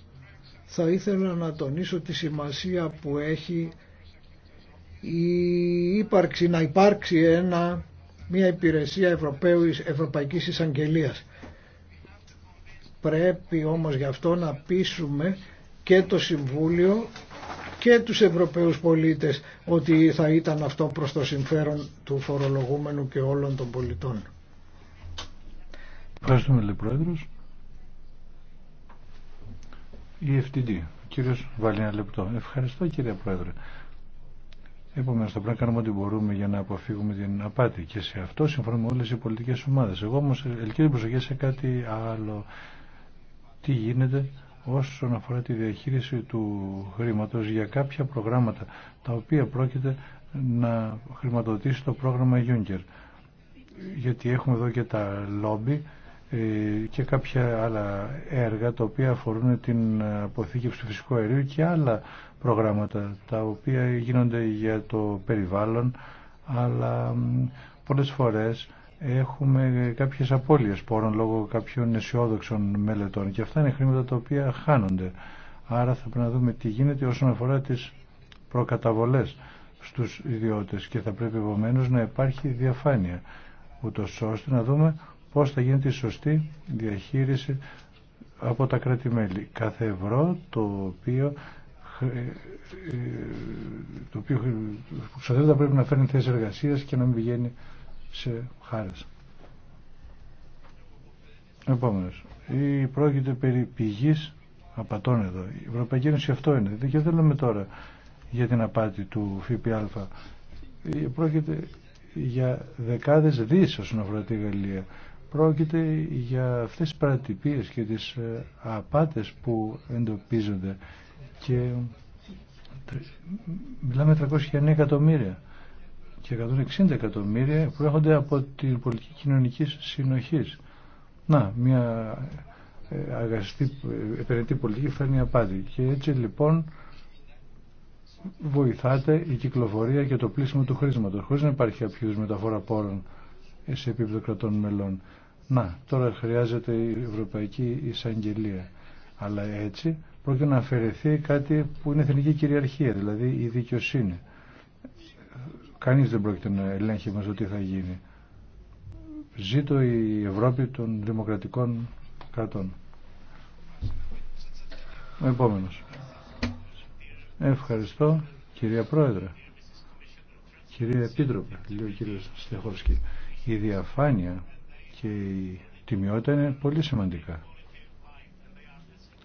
θα ήθελα να τονίσω τη σημασία που έχει η ύπαρξη, να υπάρξει ένα μια υπηρεσία Ευρωπαίου, Ευρωπαϊκής Εισαγγελίας. Πρέπει όμως γι' αυτό να πείσουμε και το Συμβούλιο και τους Ευρωπαίους πολίτες ότι θα ήταν αυτό προς το συμφέρον του φορολογούμενου και όλων των πολιτών. Ευχαριστούμε Πρόεδρος. Η FTD. Κύριος Βαλίνα Λεπτό. Ευχαριστώ κύριε Πρόεδρε. Επομένω, θα πρέπει να κάνουμε ό,τι μπορούμε για να αποφύγουμε την απάτη και σε αυτό συμφωνούμε όλες οι πολιτικές ομάδες. Εγώ όμω, ελκύω την προσοχή σε κάτι άλλο. Τι γίνεται όσον αφορά τη διαχείριση του χρήματος για κάποια προγράμματα τα οποία πρόκειται να χρηματοδοτήσει το πρόγραμμα Juncker. Γιατί έχουμε εδώ και τα λόμπι ε, και κάποια άλλα έργα τα οποία αφορούν την αποθήκευση του φυσικού αερίου και άλλα προγράμματα τα οποία γίνονται για το περιβάλλον αλλά πολλές φορές έχουμε κάποιες απώλειες πόρων λόγω κάποιων αισιόδοξων μελετών και αυτά είναι χρήματα τα οποία χάνονται. Άρα θα πρέπει να δούμε τι γίνεται όσον αφορά τις προκαταβολές στους ιδιώτες και θα πρέπει επομένω να υπάρχει διαφάνεια ούτω ώστε να δούμε πώς θα γίνεται η σωστή διαχείριση από τα κράτη-μέλη. Κάθε ευρώ το οποίο ε, ε, ε, το οποίο πρέπει να φέρνει θέσει εργασία και να μην πηγαίνει σε χάρες. Επόμενος. Η πρόκειται περί πηγη απατών εδώ. Η Ευρωπαϊκή Ένωση αυτό είναι. Δεν Και θέλουμε τώρα για την απάτη του ΦΠΑ. Πρόκειται για δεκάδες δι όσον αφορά τη Γαλλία. Πρόκειται για αυτές τις παρατυπίες και τις απάτες που εντοπίζονται και μιλάμε 309 εκατομμύρια και 160 εκατομμύρια που έρχονται από την πολιτική κοινωνική συνοχή. Να, μια ε, αγαστή ε, επενδυτή πολιτική φέρνει απάτη. Και έτσι λοιπόν βοηθάται η κυκλοφορία και το πλήσιμο του χρήματο, χωρίς να υπάρχει κάποιο μεταφορά πόρων σε επίπεδο κρατών μελών. Να, τώρα χρειάζεται η Ευρωπαϊκή Εισαγγελία. Αλλά έτσι πρόκειται να αφαιρεθεί κάτι που είναι εθνική κυριαρχία, δηλαδή η δικαιοσύνη. Κανείς δεν πρόκειται να ελέγχει μας το θα γίνει. Ζήτω η Ευρώπη των δημοκρατικών κρατών. Ο επόμενος. Ευχαριστώ κυρία Πρόεδρε. Κυρία Επίτροπε, λέει ο κύριο Στεχόσκη. Η διαφάνεια και η τιμιότητα είναι πολύ σημαντικά.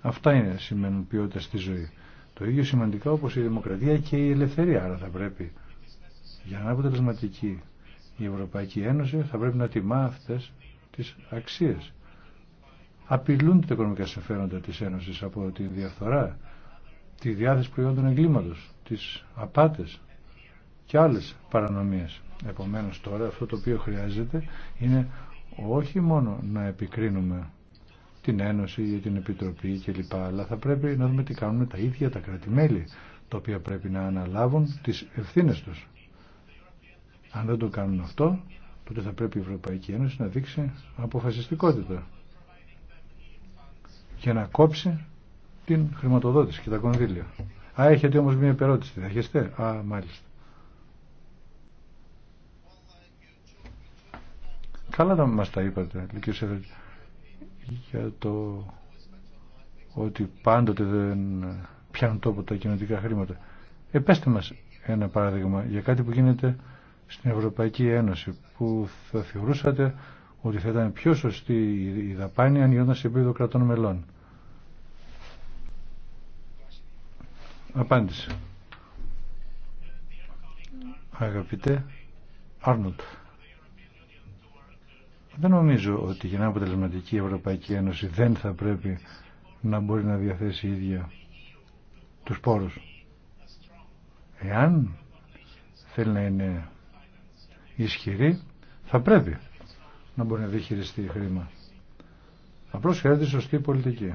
Αυτά είναι, σημαίνουν ποιότητα στη ζωή. Το ίδιο σημαντικά όπως η δημοκρατία και η ελευθερία. Άρα θα πρέπει για να είναι αποτελεσματική η Ευρωπαϊκή Ένωση θα πρέπει να τιμά αυτές τις αξίες. Απειλούνται τα οικονομικά συμφέροντα της Ένωσης από τη διαφθορά, τη διάθεση προϊόντων εγκλήματος, τις απάτες και άλλες παρανομίες. Επομένως τώρα αυτό το οποίο χρειάζεται είναι όχι μόνο να επικρίνουμε την Ένωση ή την Επιτροπή κλπ. Αλλά θα πρέπει να δούμε τι κάνουν τα ίδια τα κρατημέλη, τα οποία πρέπει να αναλάβουν τις ευθύνες τους. Αν δεν το κάνουν αυτό, τότε θα πρέπει η Ευρωπαϊκή Ένωση να δείξει αποφασιστικότητα και να κόψει την χρηματοδότηση και τα κονδύλια. Α, έχετε όμως μία περώτηση, θα έχεστε. Α, μάλιστα. Καλά να μας τα είπατε, Λυκείο Σεφερτή για το ότι πάντοτε δεν πιάνουν τόπο τα κοινωτικά χρήματα. Επέστε μας ένα παράδειγμα για κάτι που γίνεται στην Ευρωπαϊκή Ένωση που θα θεωρούσατε ότι θα ήταν πιο σωστή η δαπάνη αν γινόταν σε επίπεδο κρατών μελών. Απάντηση. Αγαπητέ Άρνοντ. Δεν νομίζω ότι για να αποτελεσματική Ευρωπαϊκή Ένωση δεν θα πρέπει να μπορεί να διαθέσει η ίδια τους πόρους. Εάν θέλει να είναι ισχυρή, θα πρέπει να μπορεί να διχειριστεί χρήμα. Απλώς χρειάζεται σωστή πολιτική.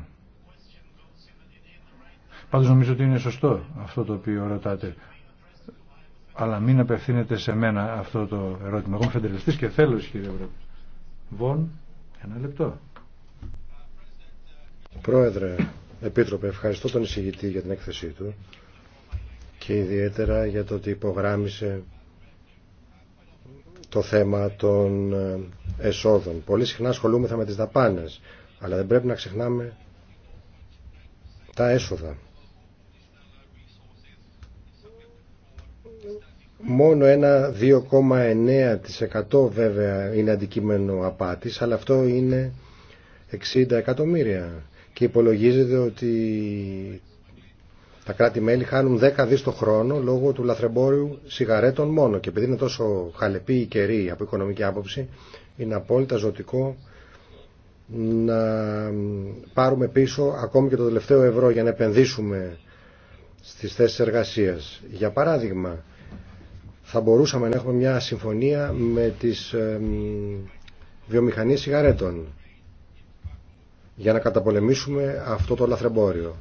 Πάντως νομίζω ότι είναι σωστό αυτό το οποίο ρωτάτε. Αλλά μην απευθύνεται σε μένα αυτό το ερώτημα. Εγώ είμαι και θέλω ισχυρή Ευρώπη. Βον, ένα λεπτό. Πρόεδρε, Επίτροπε, ευχαριστώ τον εισηγητή για την έκθεσή του και ιδιαίτερα για το ότι υπογράμμισε το θέμα των ε, εσόδων. Πολύ συχνά ασχολούμεθα με τις δαπάνες, αλλά δεν πρέπει να ξεχνάμε τα έσοδα. Μόνο ένα 2,9% βέβαια είναι αντικείμενο απάτης, αλλά αυτό είναι 60 εκατομμύρια. Και υπολογίζεται ότι τα κράτη-μέλη χάνουν 10 δις το χρόνο λόγω του λαθρεμπόριου σιγαρέτων μόνο. Και επειδή είναι τόσο χαλεπή η καιρή από οικονομική άποψη, είναι απόλυτα ζωτικό να πάρουμε πίσω ακόμη και το τελευταίο ευρώ για να επενδύσουμε στις θέσεις εργασίας. Για παράδειγμα, θα μπορούσαμε να έχουμε μια συμφωνία με τις ε, βιομηχανίες σιγαρέτων για να καταπολεμήσουμε αυτό το λαθρεμπόριο.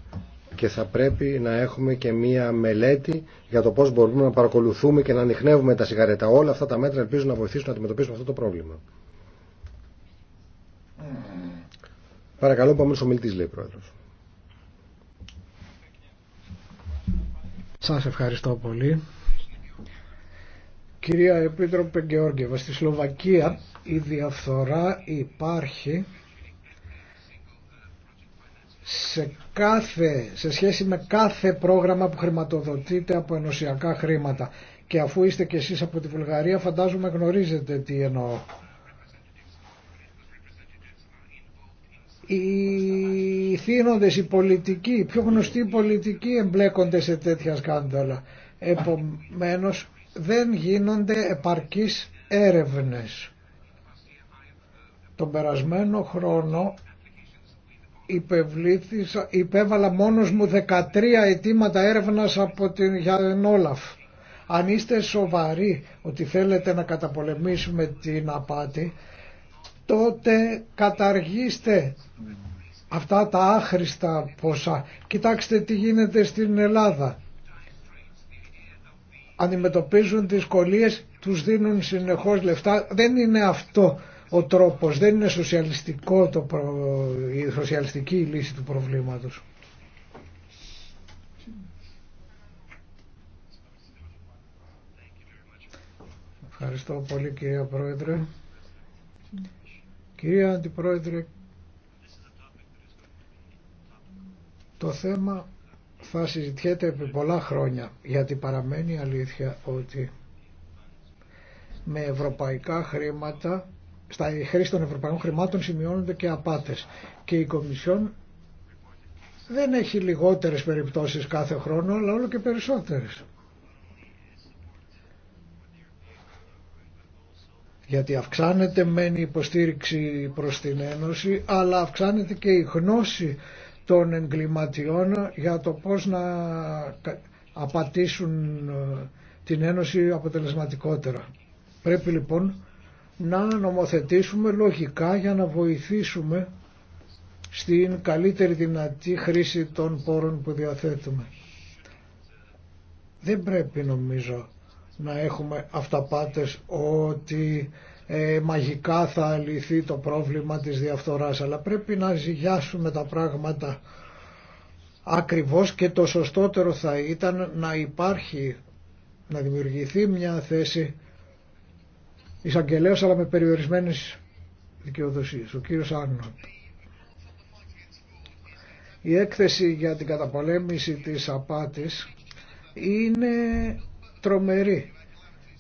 Και θα πρέπει να έχουμε και μία μελέτη για το πώς μπορούμε να παρακολουθούμε και να ανοιχνεύουμε τα σιγαρέτα. Όλα αυτά τα μέτρα ελπίζουν να βοηθήσουν να αντιμετωπίσουμε αυτό το πρόβλημα. Παρακαλώ, πάμε ο μιλητής, λέει Πρόεδρος. Σας ευχαριστώ πολύ. Κυρία Επίτροπε Γεώργιεβα, στη Σλοβακία η διαφθορά υπάρχει σε, κάθε, σε σχέση με κάθε πρόγραμμα που χρηματοδοτείται από ενωσιακά χρήματα. Και αφού είστε κι εσείς από τη Βουλγαρία φαντάζομαι γνωρίζετε τι εννοώ. Οι θύνοντες, οι πολιτικοί, οι πιο γνωστοί πολιτικοί εμπλέκονται σε τέτοια σκάνδαλα. Επομένως δεν γίνονται επαρκείς έρευνες. Τον περασμένο χρόνο υπέβαλα μόνος μου 13 αιτήματα έρευνας από την Γιάννολαφ. Αν είστε σοβαροί ότι θέλετε να καταπολεμήσουμε την απάτη, τότε καταργήστε αυτά τα άχρηστα ποσά. Κοιτάξτε τι γίνεται στην Ελλάδα αντιμετωπίζουν δυσκολίες τους δίνουν συνεχώς λεφτά. Δεν είναι αυτό ο τρόπος, δεν είναι σοσιαλιστικό το η σοσιαλιστική λύση του προβλήματος. Ευχαριστώ πολύ κυρία Πρόεδρε. Κυρία Αντιπρόεδρε, το θέμα θα συζητιέται επί πολλά χρόνια γιατί παραμένει αλήθεια ότι με ευρωπαϊκά χρήματα στα χρήση των ευρωπαϊκών χρημάτων σημειώνονται και απάτες και η Κομισιόν δεν έχει λιγότερες περιπτώσεις κάθε χρόνο αλλά όλο και περισσότερες. Γιατί αυξάνεται μεν η υποστήριξη προς την Ένωση αλλά αυξάνεται και η γνώση των εγκληματιών για το πώς να απατήσουν ε, την Ένωση αποτελεσματικότερα. Πρέπει λοιπόν να νομοθετήσουμε λογικά για να βοηθήσουμε στην καλύτερη δυνατή χρήση των πόρων που διαθέτουμε. Δεν πρέπει νομίζω να έχουμε αυταπάτες ότι ε, μαγικά θα λυθεί το πρόβλημα της διαφθοράς αλλά πρέπει να ζυγιάσουμε τα πράγματα ακριβώς και το σωστότερο θα ήταν να υπάρχει να δημιουργηθεί μια θέση εισαγγελέως αλλά με περιορισμένες δικαιοδοσίες ο κύριος Άγνοτ η έκθεση για την καταπολέμηση της απάτης είναι τρομερή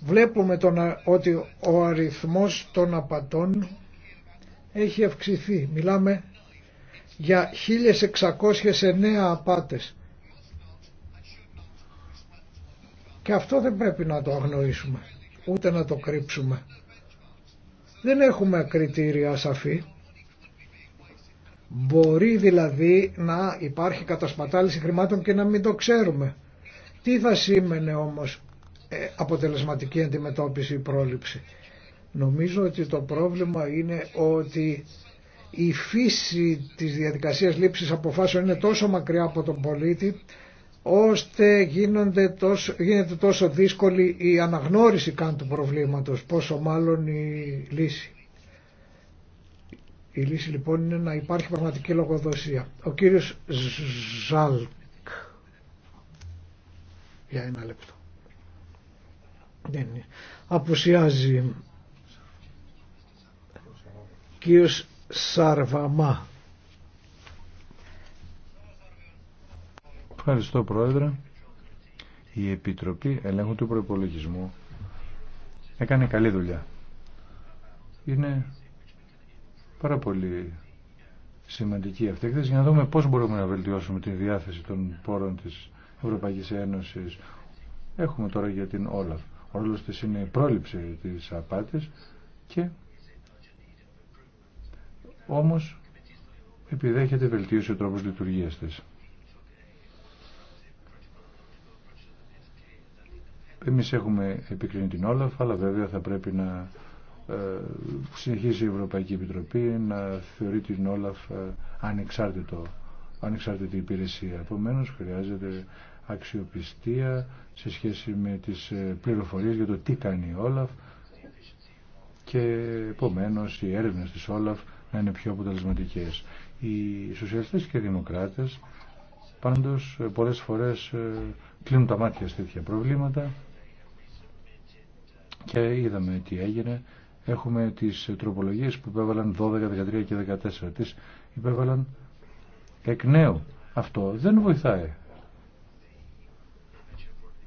βλέπουμε τον, ότι ο αριθμός των απατών έχει αυξηθεί. Μιλάμε για 1609 απάτες. Και αυτό δεν πρέπει να το αγνοήσουμε, ούτε να το κρύψουμε. Δεν έχουμε κριτήρια σαφή. Μπορεί δηλαδή να υπάρχει κατασπατάληση χρημάτων και να μην το ξέρουμε. Τι θα σήμαινε όμως αποτελεσματική αντιμετώπιση πρόληψη. Νομίζω ότι το πρόβλημα είναι ότι η φύση της διαδικασίας λήψης αποφάσεων είναι τόσο μακριά από τον πολίτη ώστε γίνονται τόσο, γίνεται τόσο δύσκολη η αναγνώριση καν του προβλήματος, πόσο μάλλον η λύση. Η λύση λοιπόν είναι να υπάρχει πραγματική λογοδοσία. Ο κύριος Ζάλκ. Για ένα λεπτό. Δεν απουσιάζει. Κύριος Σαρβαμά. Ευχαριστώ Πρόεδρε. Η Επιτροπή Ελέγχου του Προϋπολογισμού έκανε καλή δουλειά. Είναι πάρα πολύ σημαντική αυτή η έκθεση για να δούμε πώς μπορούμε να βελτιώσουμε τη διάθεση των πόρων της Ευρωπαϊκής Ένωσης. Έχουμε τώρα για την Όλαφ. Ο της είναι η πρόληψη της απάτης και όμως επιδέχεται βελτίωση ο τρόπος λειτουργίας της. Εμείς έχουμε επικρίνει την Όλαφ, αλλά βέβαια θα πρέπει να ε, συνεχίσει η Ευρωπαϊκή Επιτροπή να θεωρεί την Όλαφ ε, ανεξάρτητο, ανεξάρτητη υπηρεσία. Επομένως χρειάζεται αξιοπιστία σε σχέση με τις ε, πληροφορίες για το τι κάνει η Όλαφ και επομένως οι έρευνες της Όλαφ να είναι πιο αποτελεσματικές. Οι σοσιαλιστές και οι δημοκράτες πάντως ε, πολλές φορές ε, κλείνουν τα μάτια σε τέτοια προβλήματα και είδαμε τι έγινε. Έχουμε τις τροπολογίες που υπέβαλαν 12, 13 και 14 τις υπέβαλαν εκ νέου. Αυτό δεν βοηθάει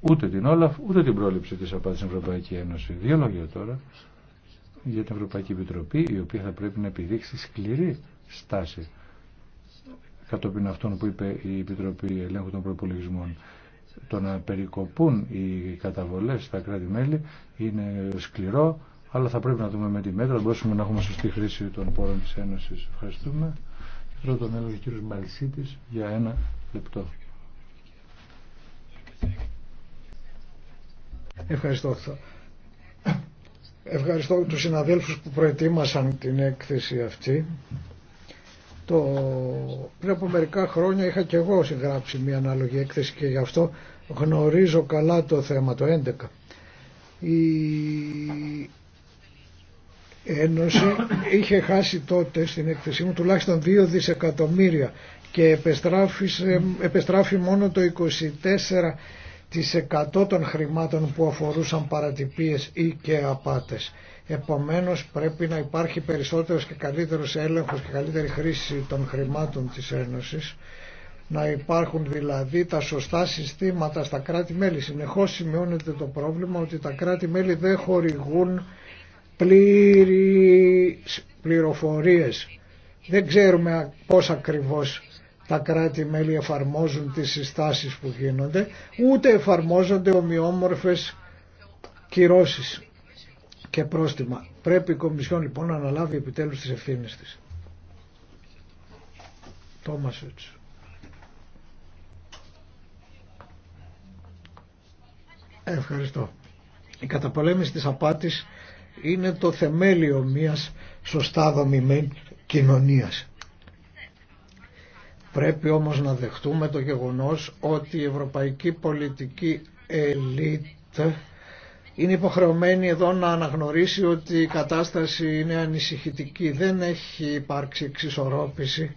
ούτε την Όλαφ, ούτε την πρόληψη της ΑΠΑ στην Ευρωπαϊκή Ένωση. Δύο λόγια τώρα για την Ευρωπαϊκή Επιτροπή, η οποία θα πρέπει να επιδείξει σκληρή στάση κατόπιν αυτών που είπε η Επιτροπή Ελέγχου των Προπολογισμών. Το να περικοπούν οι καταβολές στα κράτη-μέλη είναι σκληρό, αλλά θα πρέπει να δούμε με τη μέτρα, μπορούμε να έχουμε σωστή χρήση των πόρων της Ένωσης. Ευχαριστούμε. Και τον έλεγε κύριος για ένα λεπτό. Ευχαριστώ. Ευχαριστώ τους συναδέλφους που προετοίμασαν την έκθεση αυτή. Το... Πριν από μερικά χρόνια είχα και εγώ συγγράψει μια ανάλογη έκθεση και γι' αυτό γνωρίζω καλά το θέμα το 11. Η Ένωση είχε χάσει τότε στην έκθεσή μου τουλάχιστον 2 δισεκατομμύρια και επεστράφησε, επεστράφει μόνο το 24 τις 100 των χρημάτων που αφορούσαν παρατυπίες ή και απάτες. Επομένως πρέπει να υπάρχει περισσότερος και καλύτερος έλεγχος και καλύτερη χρήση των χρημάτων της Ένωσης να υπάρχουν δηλαδή τα σωστά συστήματα στα κράτη-μέλη. Συνεχώς σημειώνεται το πρόβλημα ότι τα κράτη-μέλη δεν χορηγούν πλήρες πληροφορίες. Δεν ξέρουμε πώς ακριβώς τα κράτη-μέλη εφαρμόζουν τις συστάσεις που γίνονται, ούτε εφαρμόζονται ομοιόμορφες κυρώσεις και πρόστιμα. Πρέπει η Κομισιόν λοιπόν να αναλάβει επιτέλους τις ευθύνες της. Ευχαριστώ. Η καταπολέμηση της απάτης είναι το θεμέλιο μιας σωστά δομημένης κοινωνίας. Πρέπει όμως να δεχτούμε το γεγονός ότι η ευρωπαϊκή πολιτική ελίτ είναι υποχρεωμένη εδώ να αναγνωρίσει ότι η κατάσταση είναι ανησυχητική. Δεν έχει υπάρξει εξισορρόπηση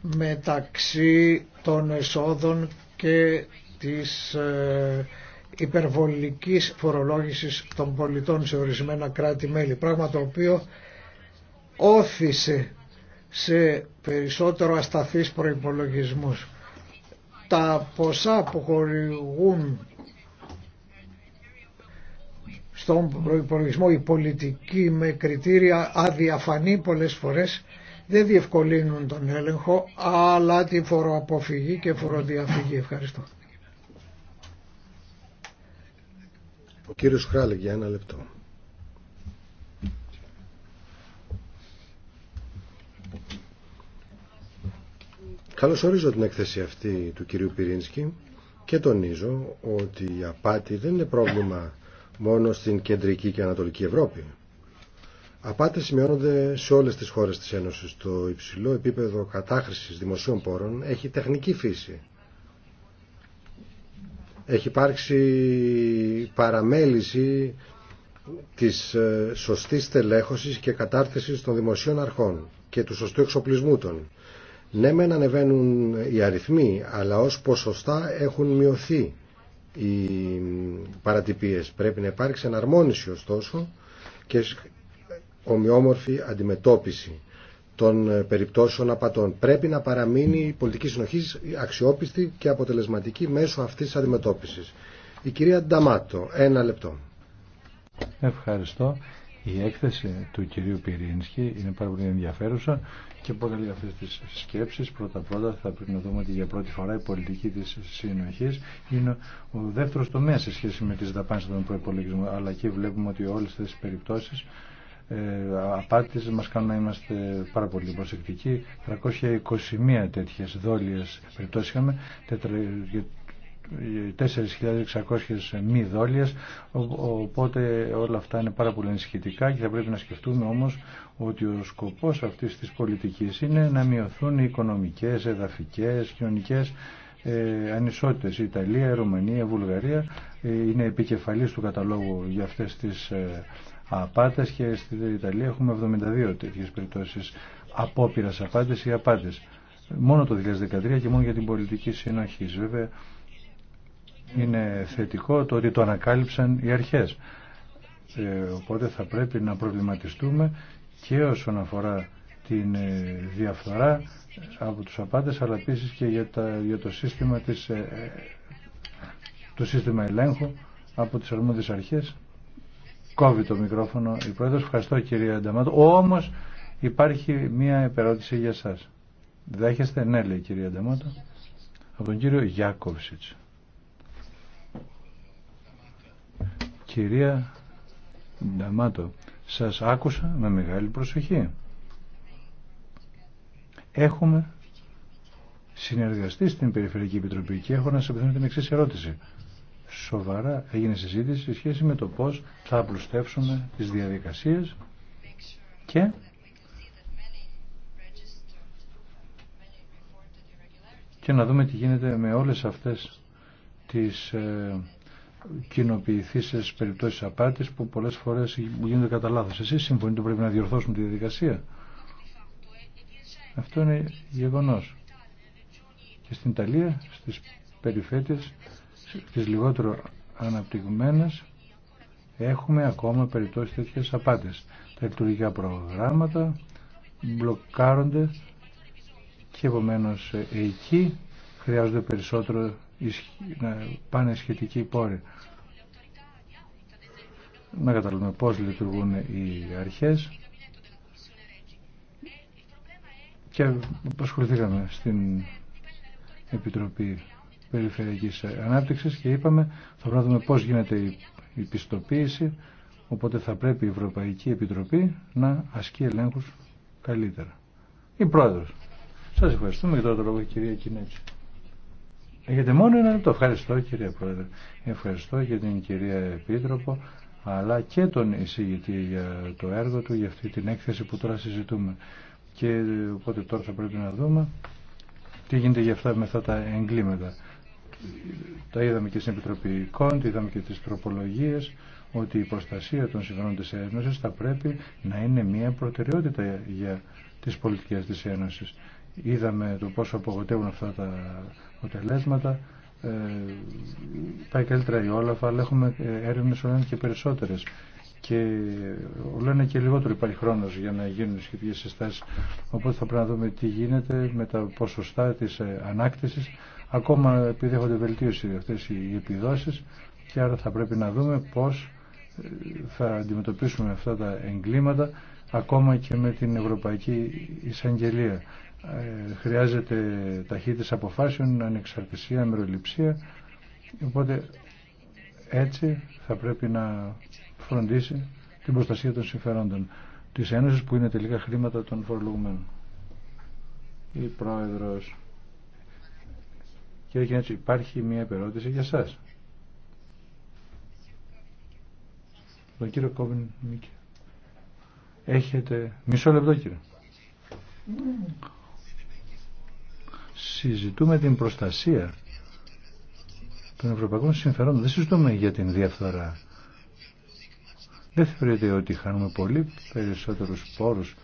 μεταξύ των εσόδων και της ε, υπερβολικής φορολόγησης των πολιτών σε ορισμένα κράτη-μέλη. Πράγμα το οποίο όθησε σε περισσότερο ασταθείς προϋπολογισμούς. Τα ποσά που χορηγούν στον προϋπολογισμό η πολιτική με κριτήρια αδιαφανή πολλές φορές δεν διευκολύνουν τον έλεγχο αλλά τη φοροαποφυγή και φοροδιαφυγή. Ευχαριστώ. Ο κύριος ένα λεπτό. ορίζω την έκθεση αυτή του κυρίου Πυρίνσκι και τονίζω ότι η απάτη δεν είναι πρόβλημα μόνο στην κεντρική και ανατολική Ευρώπη. Απάτη σημειώνονται σε όλες τις χώρες της Ένωσης. Το υψηλό επίπεδο κατάχρηση δημοσίων πόρων έχει τεχνική φύση. Έχει υπάρξει παραμέληση της ε, σωστής τελέχωσης και κατάρτισης των δημοσίων αρχών και του σωστού εξοπλισμού των. Ναι, μεν ανεβαίνουν οι αριθμοί, αλλά ως ποσοστά έχουν μειωθεί οι παρατυπίες. Πρέπει να υπάρξει εναρμόνιση ωστόσο και ομοιόμορφη αντιμετώπιση των ε, περιπτώσεων απατών. Πρέπει να παραμείνει η πολιτική συνοχή αξιόπιστη και αποτελεσματική μέσω αυτής της αντιμετώπισης. Η κυρία Νταμάτο, ένα λεπτό. Ευχαριστώ. Η έκθεση του κυρίου Πυρίνσκη είναι πάρα πολύ ενδιαφέρουσα και λίγα αυτέ τι σκέψει. Πρώτα-πρώτα θα πρέπει να δούμε ότι για πρώτη φορά η πολιτική τη συνοχή είναι ο δεύτερο τομέα σε σχέση με τι δαπάνε των προπολογισμών. Αλλά εκεί βλέπουμε ότι όλε αυτέ τι περιπτώσει ε, απάτης μας κάνουν να είμαστε πάρα πολύ προσεκτικοί. 321 τέτοιες δόλειες περιπτώσεις είχαμε, 4.600 μη δόλειες, οπότε όλα αυτά είναι πάρα πολύ ενισχυτικά και θα πρέπει να σκεφτούμε όμως ότι ο σκοπός αυτής της πολιτικής είναι να μειωθούν οι οικονομικές, εδαφικές, κοινωνικές ε, ανισότητες. Η Ιταλία, η Ρουμανία, η Βουλγαρία ε, είναι επικεφαλής του καταλόγου για αυτές τις ε, απάτες και στην Ιταλία έχουμε 72 τέτοιες περιπτώσεις απόπειρας απάτες ή απάτες. Μόνο το 2013 και μόνο για την πολιτική συνοχή. Βέβαια, είναι θετικό το ότι το ανακάλυψαν οι αρχές. Ε, οπότε θα πρέπει να προβληματιστούμε και όσον αφορά την ε, διαφθορά από τους απάτες αλλά επίση και για, τα, για το, σύστημα της, ε, το σύστημα ελέγχου από τις αρμόδιες αρχές. Κόβει το μικρόφωνο η Πρόεδρος. Ευχαριστώ κυρία Νταμάτο. Όμως υπάρχει μία επερώτηση για σας. Δέχεστε, ναι λέει η κυρία Νταμάτο, από τον κύριο Γιάκοβσιτς. Κυρία Νταμάτο, σας άκουσα με μεγάλη προσοχή. Έχουμε συνεργαστεί στην Περιφερειακή Επιτροπή και έχω να σας απευθύνω την εξή ερώτηση. Σοβαρά έγινε συζήτηση σε σχέση με το πώς θα απλουστεύσουμε τις διαδικασίες και και να δούμε τι γίνεται με όλες αυτές τις ε, κοινοποιηθεί σε περιπτώσει απάτης που πολλές φορές γίνονται κατά λάθο. Εσείς συμφωνείτε πρέπει να διορθώσουμε τη διαδικασία. Αυτό είναι γεγονός. Και στην Ιταλία, στις περιφέρειες στι λιγότερο αναπτυγμένε, έχουμε ακόμα περιπτώσει τέτοιες απάτη. Τα λειτουργικά προγράμματα μπλοκάρονται και επομένω εκεί χρειάζονται περισσότερο να πάνε σχετικοί πόροι. Να καταλαβαίνουμε πώς λειτουργούν οι αρχές και ασχοληθήκαμε στην Επιτροπή Περιφερειακής Ανάπτυξης και είπαμε θα πρέπει να πώς γίνεται η πιστοποίηση οπότε θα πρέπει η Ευρωπαϊκή Επιτροπή να ασκεί ελέγχους καλύτερα. Η Πρόεδρος. Σας ευχαριστούμε και τώρα το λόγο κυρία Κινέτσι. Έχετε μόνο ένα λεπτό. Ευχαριστώ κύριε Πρόεδρε. Ευχαριστώ για την κυρία Επίτροπο αλλά και τον εισηγητή για το έργο του, για αυτή την έκθεση που τώρα συζητούμε. Και οπότε τώρα θα πρέπει να δούμε τι γίνεται για αυτά με αυτά τα εγκλήματα. Τα είδαμε και στην Επιτροπή Κόντ, είδαμε και τις τροπολογίες, ότι η προστασία των συμφωνών της Ένωσης θα πρέπει να είναι μια προτεραιότητα για τις πολιτικές της Ένωσης. Είδαμε το πόσο απογοτεύουν αυτά τα αποτελέσματα. Ε, πάει καλύτερα η Όλαφα, αλλά έχουμε ε, έρευνε όλο και περισσότερες και λένε και λιγότερο υπάρχει χρόνο για να γίνουν σχετικέ συστάσει. Οπότε θα πρέπει να δούμε τι γίνεται με τα ποσοστά τη ε, ανάκτηση. Ακόμα επειδή έχονται βελτίωση αυτέ οι επιδόσει και άρα θα πρέπει να δούμε πώ ε, θα αντιμετωπίσουμε αυτά τα εγκλήματα ακόμα και με την Ευρωπαϊκή Εισαγγελία. Ε, χρειάζεται ταχύτητες αποφάσεων, ανεξαρτησία, αμεροληψία. Οπότε έτσι θα πρέπει να φροντίσει την προστασία των συμφερόντων της Ένωση που είναι τελικά χρήματα των φορολογουμένων. Η πρόεδρο. Κύριε Κινέτσο, υπάρχει μια επερώτηση για σας. Τον κύριο Κόβιν Μίκη. Έχετε μισό λεπτό κύριε συζητούμε την προστασία των ευρωπαϊκών συμφερόντων. Δεν συζητούμε για την διαφθορά. Δεν θεωρείται ότι χάνουμε πολύ περισσότερους πόρους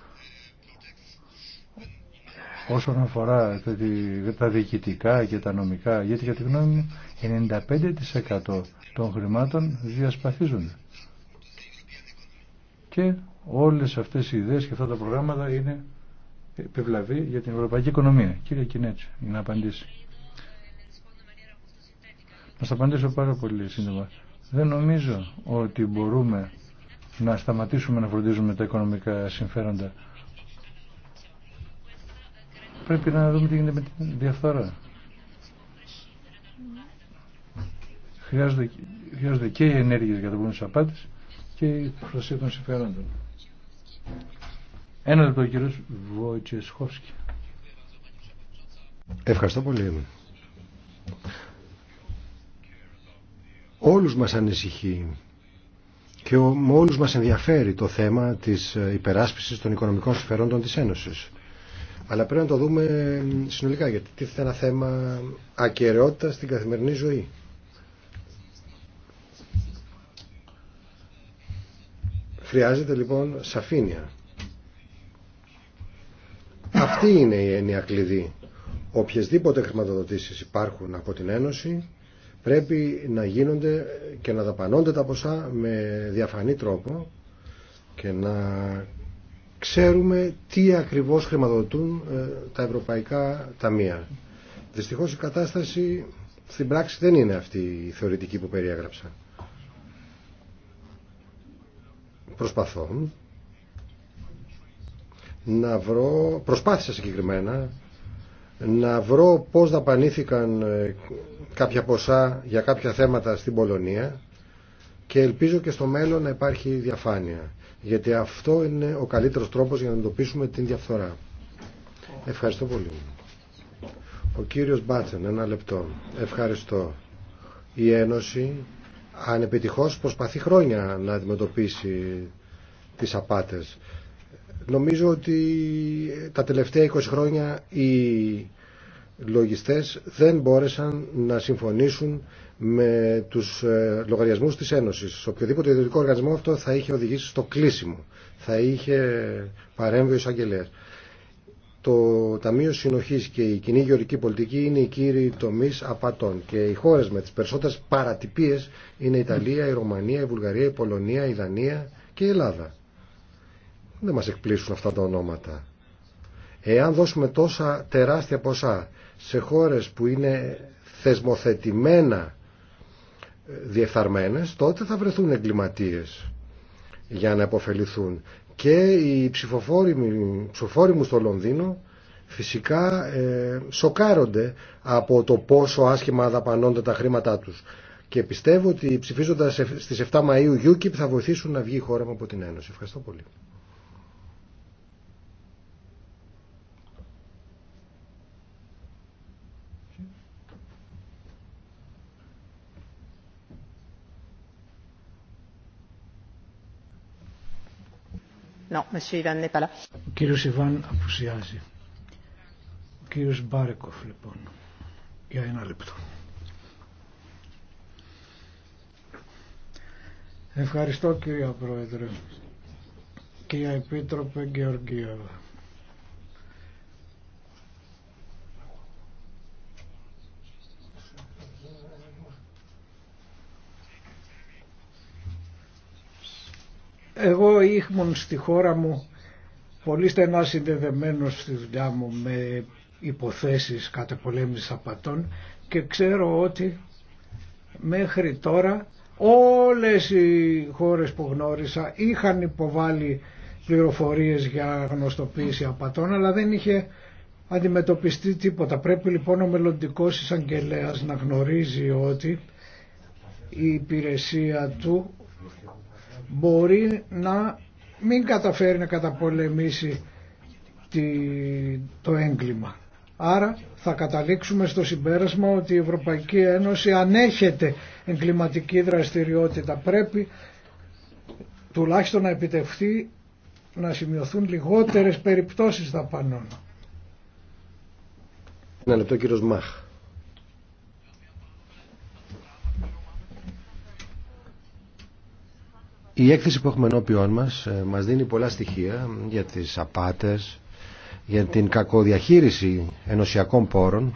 όσον αφορά τα διοικητικά και τα νομικά, γιατί για τη γνώμη μου 95% των χρημάτων διασπαθίζονται. Και όλες αυτές οι ιδέες και αυτά τα προγράμματα είναι επιβλαβή για την ευρωπαϊκή οικονομία. Κύριε Κινέτσο, για να απαντήσει. Να σας απαντήσω πάρα πολύ σύντομα. Δεν νομίζω ότι μπορούμε να σταματήσουμε να φροντίζουμε τα οικονομικά συμφέροντα. Πρέπει να δούμε τι γίνεται με τη διαφθορά. Χρειάζονται, και οι ενέργειες για το πόνο της και η προστασία των συμφέροντων. Ένα λεπτό κύριο Βοητσεσχόφσκι. Ευχαριστώ πολύ. Όλους μας ανησυχεί και με όλους μας ενδιαφέρει το θέμα της ε, υπεράσπισης των οικονομικών συμφερόντων της Ένωσης. Αλλά πρέπει να το δούμε συνολικά γιατί τίθεται ένα θέμα ακαιρεότητα στην καθημερινή ζωή. Χρειάζεται λοιπόν σαφήνεια αυτή είναι η έννοια κλειδί. Οποιεσδήποτε χρηματοδοτήσεις υπάρχουν από την Ένωση πρέπει να γίνονται και να δαπανώνται τα ποσά με διαφανή τρόπο και να ξέρουμε τι ακριβώς χρηματοδοτούν ε, τα ευρωπαϊκά ταμεία. Δυστυχώς η κατάσταση στην πράξη δεν είναι αυτή η θεωρητική που περιέγραψα. Προσπαθώ να βρω, προσπάθησα συγκεκριμένα, να βρω πώς δαπανήθηκαν ε, κάποια ποσά για κάποια θέματα στην Πολωνία και ελπίζω και στο μέλλον να υπάρχει διαφάνεια. Γιατί αυτό είναι ο καλύτερος τρόπος για να εντοπίσουμε την διαφθορά. Ευχαριστώ πολύ. Ο κύριος Μπάτσεν, ένα λεπτό. Ευχαριστώ. Η Ένωση ανεπιτυχώς προσπαθεί χρόνια να αντιμετωπίσει τις απάτες. Νομίζω ότι ε, τα τελευταία 20 χρόνια οι λογιστές δεν μπόρεσαν να συμφωνήσουν με τους ε, λογαριασμούς της Ένωσης. Σε οποιοδήποτε ιδιωτικό οργανισμό αυτό θα είχε οδηγήσει στο κλείσιμο. Θα είχε παρέμβει ο εισαγγελέας. Το Ταμείο Συνοχής και η κοινή γεωρική πολιτική είναι οι κύριοι τομείς απατών και οι χώρες με τις περισσότερες παρατυπίες είναι η Ιταλία, η Ρωμανία, η Βουλγαρία, η Πολωνία, η Δανία και η Ελλάδα. Δεν μας εκπλήσουν αυτά τα ονόματα. Εάν δώσουμε τόσα τεράστια ποσά σε χώρες που είναι θεσμοθετημένα ε, διεφθαρμένες, τότε θα βρεθούν εγκληματίες για να αποφεληθούν. Και οι ψηφοφόροι, οι ψηφοφόροι μου στο Λονδίνο φυσικά ε, σοκάρονται από το πόσο άσχημα δαπανώνται τα χρήματά τους. Και πιστεύω ότι ψηφίζοντας στις 7 Μαΐου UKIP θα βοηθήσουν να βγει η χώρα μου από την Ένωση. Ευχαριστώ πολύ. Ο κύριος Ιβάν απουσιάζει. Ο κύριος Μπάρεκοφ λοιπόν. Για ένα λεπτό. Ευχαριστώ κύριε Πρόεδρε. Κύριε Επίτροπε Γεωργίευα. Ήχμουν στη χώρα μου πολύ στενά συνδεδεμένος στη δουλειά μου με υποθέσεις κατεπολέμησης απατών και ξέρω ότι μέχρι τώρα όλες οι χώρες που γνώρισα είχαν υποβάλει πληροφορίες για γνωστοποίηση απατών αλλά δεν είχε αντιμετωπιστεί τίποτα. Πρέπει λοιπόν ο μελλοντικό εισαγγελέα να γνωρίζει ότι η υπηρεσία του μπορεί να μην καταφέρει να καταπολεμήσει το έγκλημα. Άρα θα καταλήξουμε στο συμπέρασμα ότι η Ευρωπαϊκή Ένωση ανέχεται εγκληματική δραστηριότητα. Πρέπει τουλάχιστον να επιτευχθεί να σημειωθούν λιγότερες περιπτώσεις δαπανών. Ένα λεπτό κύριος Μάχ. Η έκθεση που έχουμε ενώπιόν μας ε, μας δίνει πολλά στοιχεία για τις απάτες, για την κακοδιαχείριση ενωσιακών πόρων.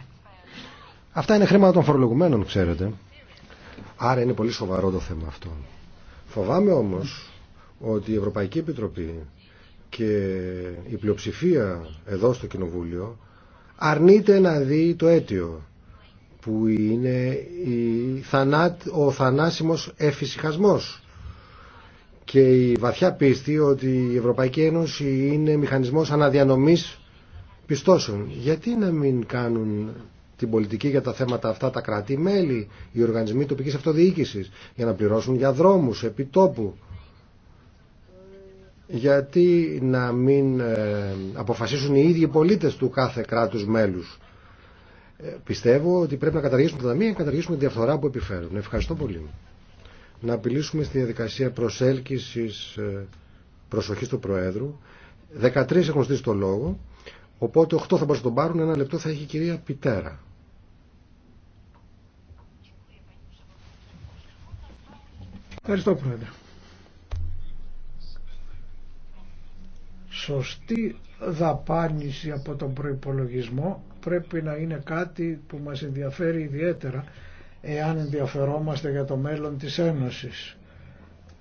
Αυτά είναι χρήματα των φορολογουμένων, ξέρετε. Άρα είναι πολύ σοβαρό το θέμα αυτό. Φοβάμαι όμως ότι η Ευρωπαϊκή Επιτροπή και η πλειοψηφία εδώ στο Κοινοβούλιο αρνείται να δει το αίτιο που είναι η ο θανάσιμος εφησυχασμός και η βαθιά πίστη ότι η Ευρωπαϊκή Ένωση είναι μηχανισμός αναδιανομής πιστώσεων. Γιατί να μην κάνουν την πολιτική για τα θέματα αυτά τα κράτη-μέλη, οι οργανισμοί τοπικής αυτοδιοίκησης, για να πληρώσουν για δρόμους, επιτόπου. Γιατί να μην ε, αποφασίσουν οι ίδιοι πολίτες του κάθε κράτους μέλους. Ε, πιστεύω ότι πρέπει να καταργήσουμε τα ταμεία και να καταργήσουμε τη διαφθορά που επιφέρουν. Ευχαριστώ πολύ να απειλήσουμε στη διαδικασία προσέλκυσης ε, προσοχής του Προέδρου. 13 έχουν στήσει το λόγο, οπότε 8 θα μπορούσε να τον πάρουν, ένα λεπτό θα έχει η κυρία Πιτέρα. Ευχαριστώ Πρόεδρε. Σωστή δαπάνηση από τον προϋπολογισμό πρέπει να είναι κάτι που μας ενδιαφέρει ιδιαίτερα εάν ενδιαφερόμαστε για το μέλλον της Ένωσης.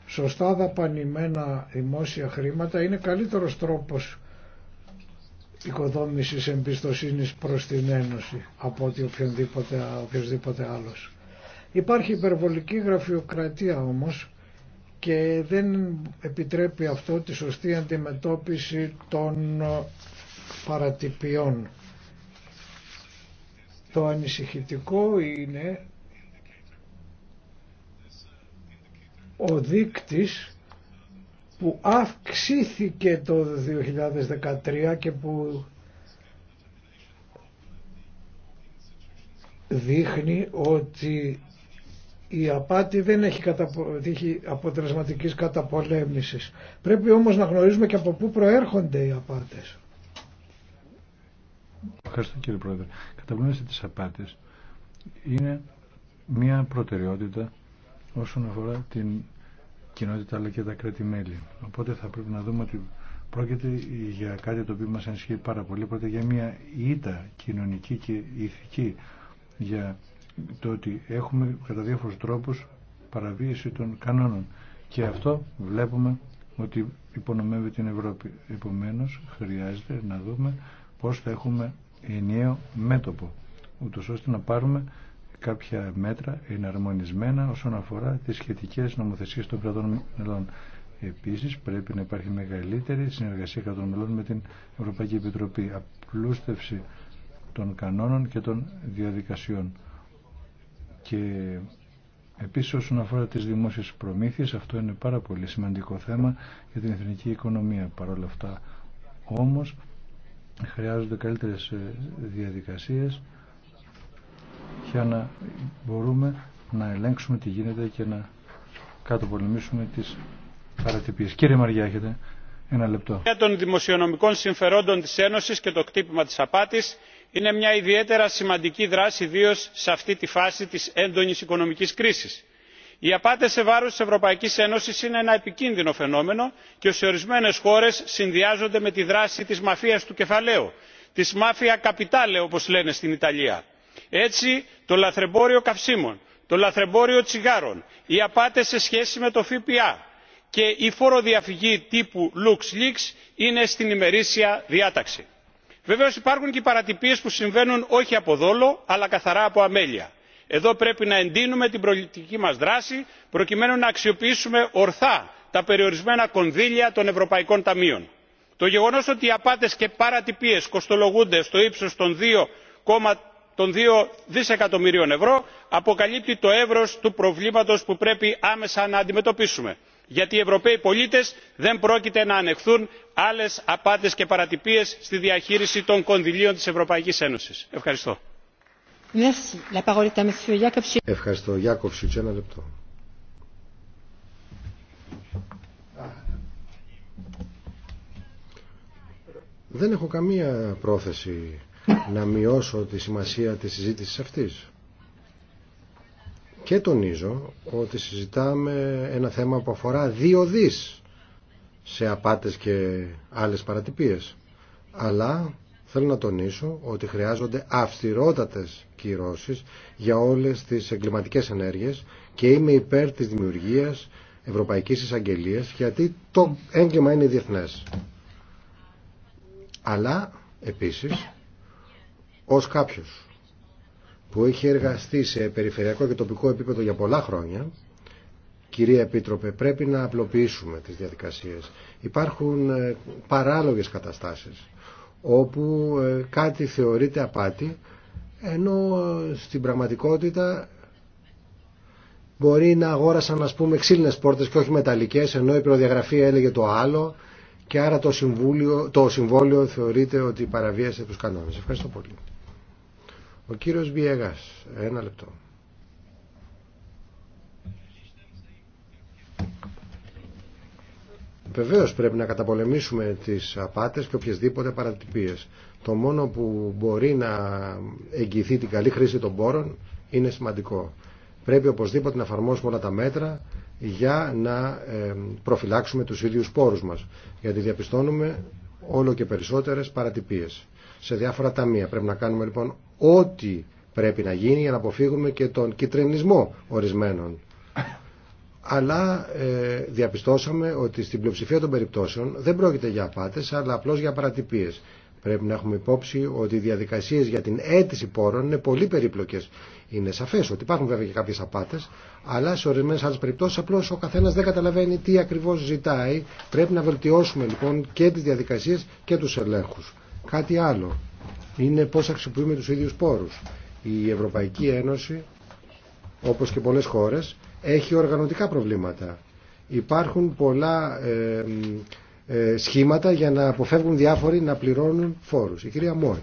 Σωστά δαπανημένα δημόσια χρήματα είναι καλύτερος τρόπος οικοδόμησης εμπιστοσύνης προς την Ένωση από ότι οποιοδήποτε, οποιοδήποτε άλλος. Υπάρχει υπερβολική γραφειοκρατία όμως και δεν επιτρέπει αυτό τη σωστή αντιμετώπιση των παρατυπιών. Το ανησυχητικό είναι ο δείκτης που αυξήθηκε το 2013 και που δείχνει ότι η απάτη δεν έχει αποτελεσματικής καταπολέμησης. Πρέπει όμως να γνωρίζουμε και από πού προέρχονται οι απάτες. Ευχαριστώ κύριε Πρόεδρε. Καταπολέμηση της απάτης είναι μια προτεραιότητα όσον αφορά την κοινότητα αλλά και τα κρατη Οπότε θα πρέπει να δούμε ότι πρόκειται για κάτι το οποίο μας ενισχύει πάρα πολύ. Πρώτα για μια ήττα κοινωνική και ηθική για το ότι έχουμε κατά διάφορους τρόπους παραβίαση των κανόνων. Και αυτό βλέπουμε ότι υπονομεύει την Ευρώπη. Επομένως χρειάζεται να δούμε πώς θα έχουμε ενιαίο μέτωπο ούτως ώστε να πάρουμε κάποια μέτρα εναρμονισμένα όσον αφορά τις σχετικές νομοθεσίες των κρατών μελών. Επίσης πρέπει να υπάρχει μεγαλύτερη συνεργασία κρατών μελών με την Ευρωπαϊκή Επιτροπή, απλούστευση των κανόνων και των διαδικασιών. Και επίσης όσον αφορά τις δημόσιες προμήθειες, αυτό είναι πάρα πολύ σημαντικό θέμα για την εθνική οικονομία. Παρ' όλα αυτά όμως χρειάζονται καλύτερες ε, διαδικασίες για να μπορούμε να ελέγξουμε τι γίνεται και να κατοπολεμήσουμε τις παρατυπίες. Κύριε Μαριά, έχετε ένα λεπτό. Για των δημοσιονομικών συμφερόντων της Ένωσης και το κτύπημα της απάτης είναι μια ιδιαίτερα σημαντική δράση ιδίω σε αυτή τη φάση της έντονης οικονομικής κρίσης. Οι απάτες σε βάρος της Ευρωπαϊκής Ένωσης είναι ένα επικίνδυνο φαινόμενο και σε ορισμένες χώρες συνδυάζονται με τη δράση της μαφίας του κεφαλαίου, της μάφια καπιτάλε όπως λένε στην Ιταλία έτσι το λαθρεμπόριο καυσίμων το λαθρεμπόριο τσιγάρων οι απάτες σε σχέση με το ΦΠΑ και η φοροδιαφυγή τύπου leaks είναι στην ημερήσια διάταξη. βεβαίως υπάρχουν και οι παρατυπίες που συμβαίνουν όχι από δόλο αλλά καθαρά από αμέλεια. εδώ πρέπει να εντείνουμε την προληπτική μας δράση προκειμένου να αξιοποιήσουμε ορθά τα περιορισμένα κονδύλια των ευρωπαϊκών ταμείων. το γεγονός ότι οι απάτες και παρατυπίες κοστολογούνται στο ύψο των δύο των δύο δισεκατομμυρίων ευρώ αποκαλύπτει το ευρώ του προβλήματος που πρέπει άμεσα να αντιμετωπίσουμε γιατί οι ευρωπαίοι πολίτες δεν πρόκειται να ανεχθούν άλλε απάτες και παρατυπίες στη διαχείριση των κονδυλίων της ευρωπαϊκής ένωσης. ευχαριστώ. Ευχαριστώ. λεπτό. Δεν έχω καμία πρόθεση να μειώσω τη σημασία της συζήτηση αυτής. Και τονίζω ότι συζητάμε ένα θέμα που αφορά δύο δις σε απάτες και άλλες παρατυπίες. Αλλά θέλω να τονίσω ότι χρειάζονται αυστηρότατες κυρώσεις για όλες τις εγκληματικές ενέργειες και είμαι υπέρ της δημιουργίας Ευρωπαϊκής Εισαγγελίας γιατί το έγκλημα είναι διεθνές. Αλλά επίσης ως κάποιος που έχει εργαστεί σε περιφερειακό και τοπικό επίπεδο για πολλά χρόνια, κυρία Επίτροπε, πρέπει να απλοποιήσουμε τις διαδικασίες. Υπάρχουν ε, παράλογες καταστάσεις όπου ε, κάτι θεωρείται απάτη, ενώ ε, στην πραγματικότητα μπορεί να αγόρασαν ας πούμε ξύλινες πόρτες και όχι μεταλλικές, ενώ η προδιαγραφή έλεγε το άλλο και άρα το, συμβούλιο, το συμβόλιο θεωρείται ότι παραβίασε τους κανόνες. Ευχαριστώ πολύ. Ο κύριος Βιέγας, ένα λεπτό. Βεβαίως πρέπει να καταπολεμήσουμε τις απάτες και οποιασδήποτε παρατυπίες. Το μόνο που μπορεί να εγγυηθεί την καλή χρήση των πόρων είναι σημαντικό. Πρέπει οπωσδήποτε να εφαρμόσουμε όλα τα μέτρα για να ε, προφυλάξουμε τους ίδιους πόρους μας. Γιατί διαπιστώνουμε όλο και περισσότερες παρατυπίες σε διάφορα ταμεία. Πρέπει να κάνουμε λοιπόν ό,τι πρέπει να γίνει για να αποφύγουμε και τον κυτρινισμό ορισμένων. Αλλά ε, διαπιστώσαμε ότι στην πλειοψηφία των περιπτώσεων δεν πρόκειται για απάτες, αλλά απλώς για παρατυπίες. Πρέπει να έχουμε υπόψη ότι οι διαδικασίε για την αίτηση πόρων είναι πολύ περίπλοκε. Είναι σαφέ ότι υπάρχουν βέβαια και κάποιε απάτε, αλλά σε ορισμένε άλλε περιπτώσει απλώ ο καθένα δεν καταλαβαίνει τι ακριβώ ζητάει. Πρέπει να βελτιώσουμε λοιπόν και τι διαδικασίε και του ελέγχου. Κάτι άλλο είναι πώς αξιοποιούμε τους ίδιους πόρους. Η Ευρωπαϊκή Ένωση, όπως και πολλές χώρες, έχει οργανωτικά προβλήματα. Υπάρχουν πολλά ε, ε, σχήματα για να αποφεύγουν διάφοροι να πληρώνουν φόρους. Η κυρία Μόη.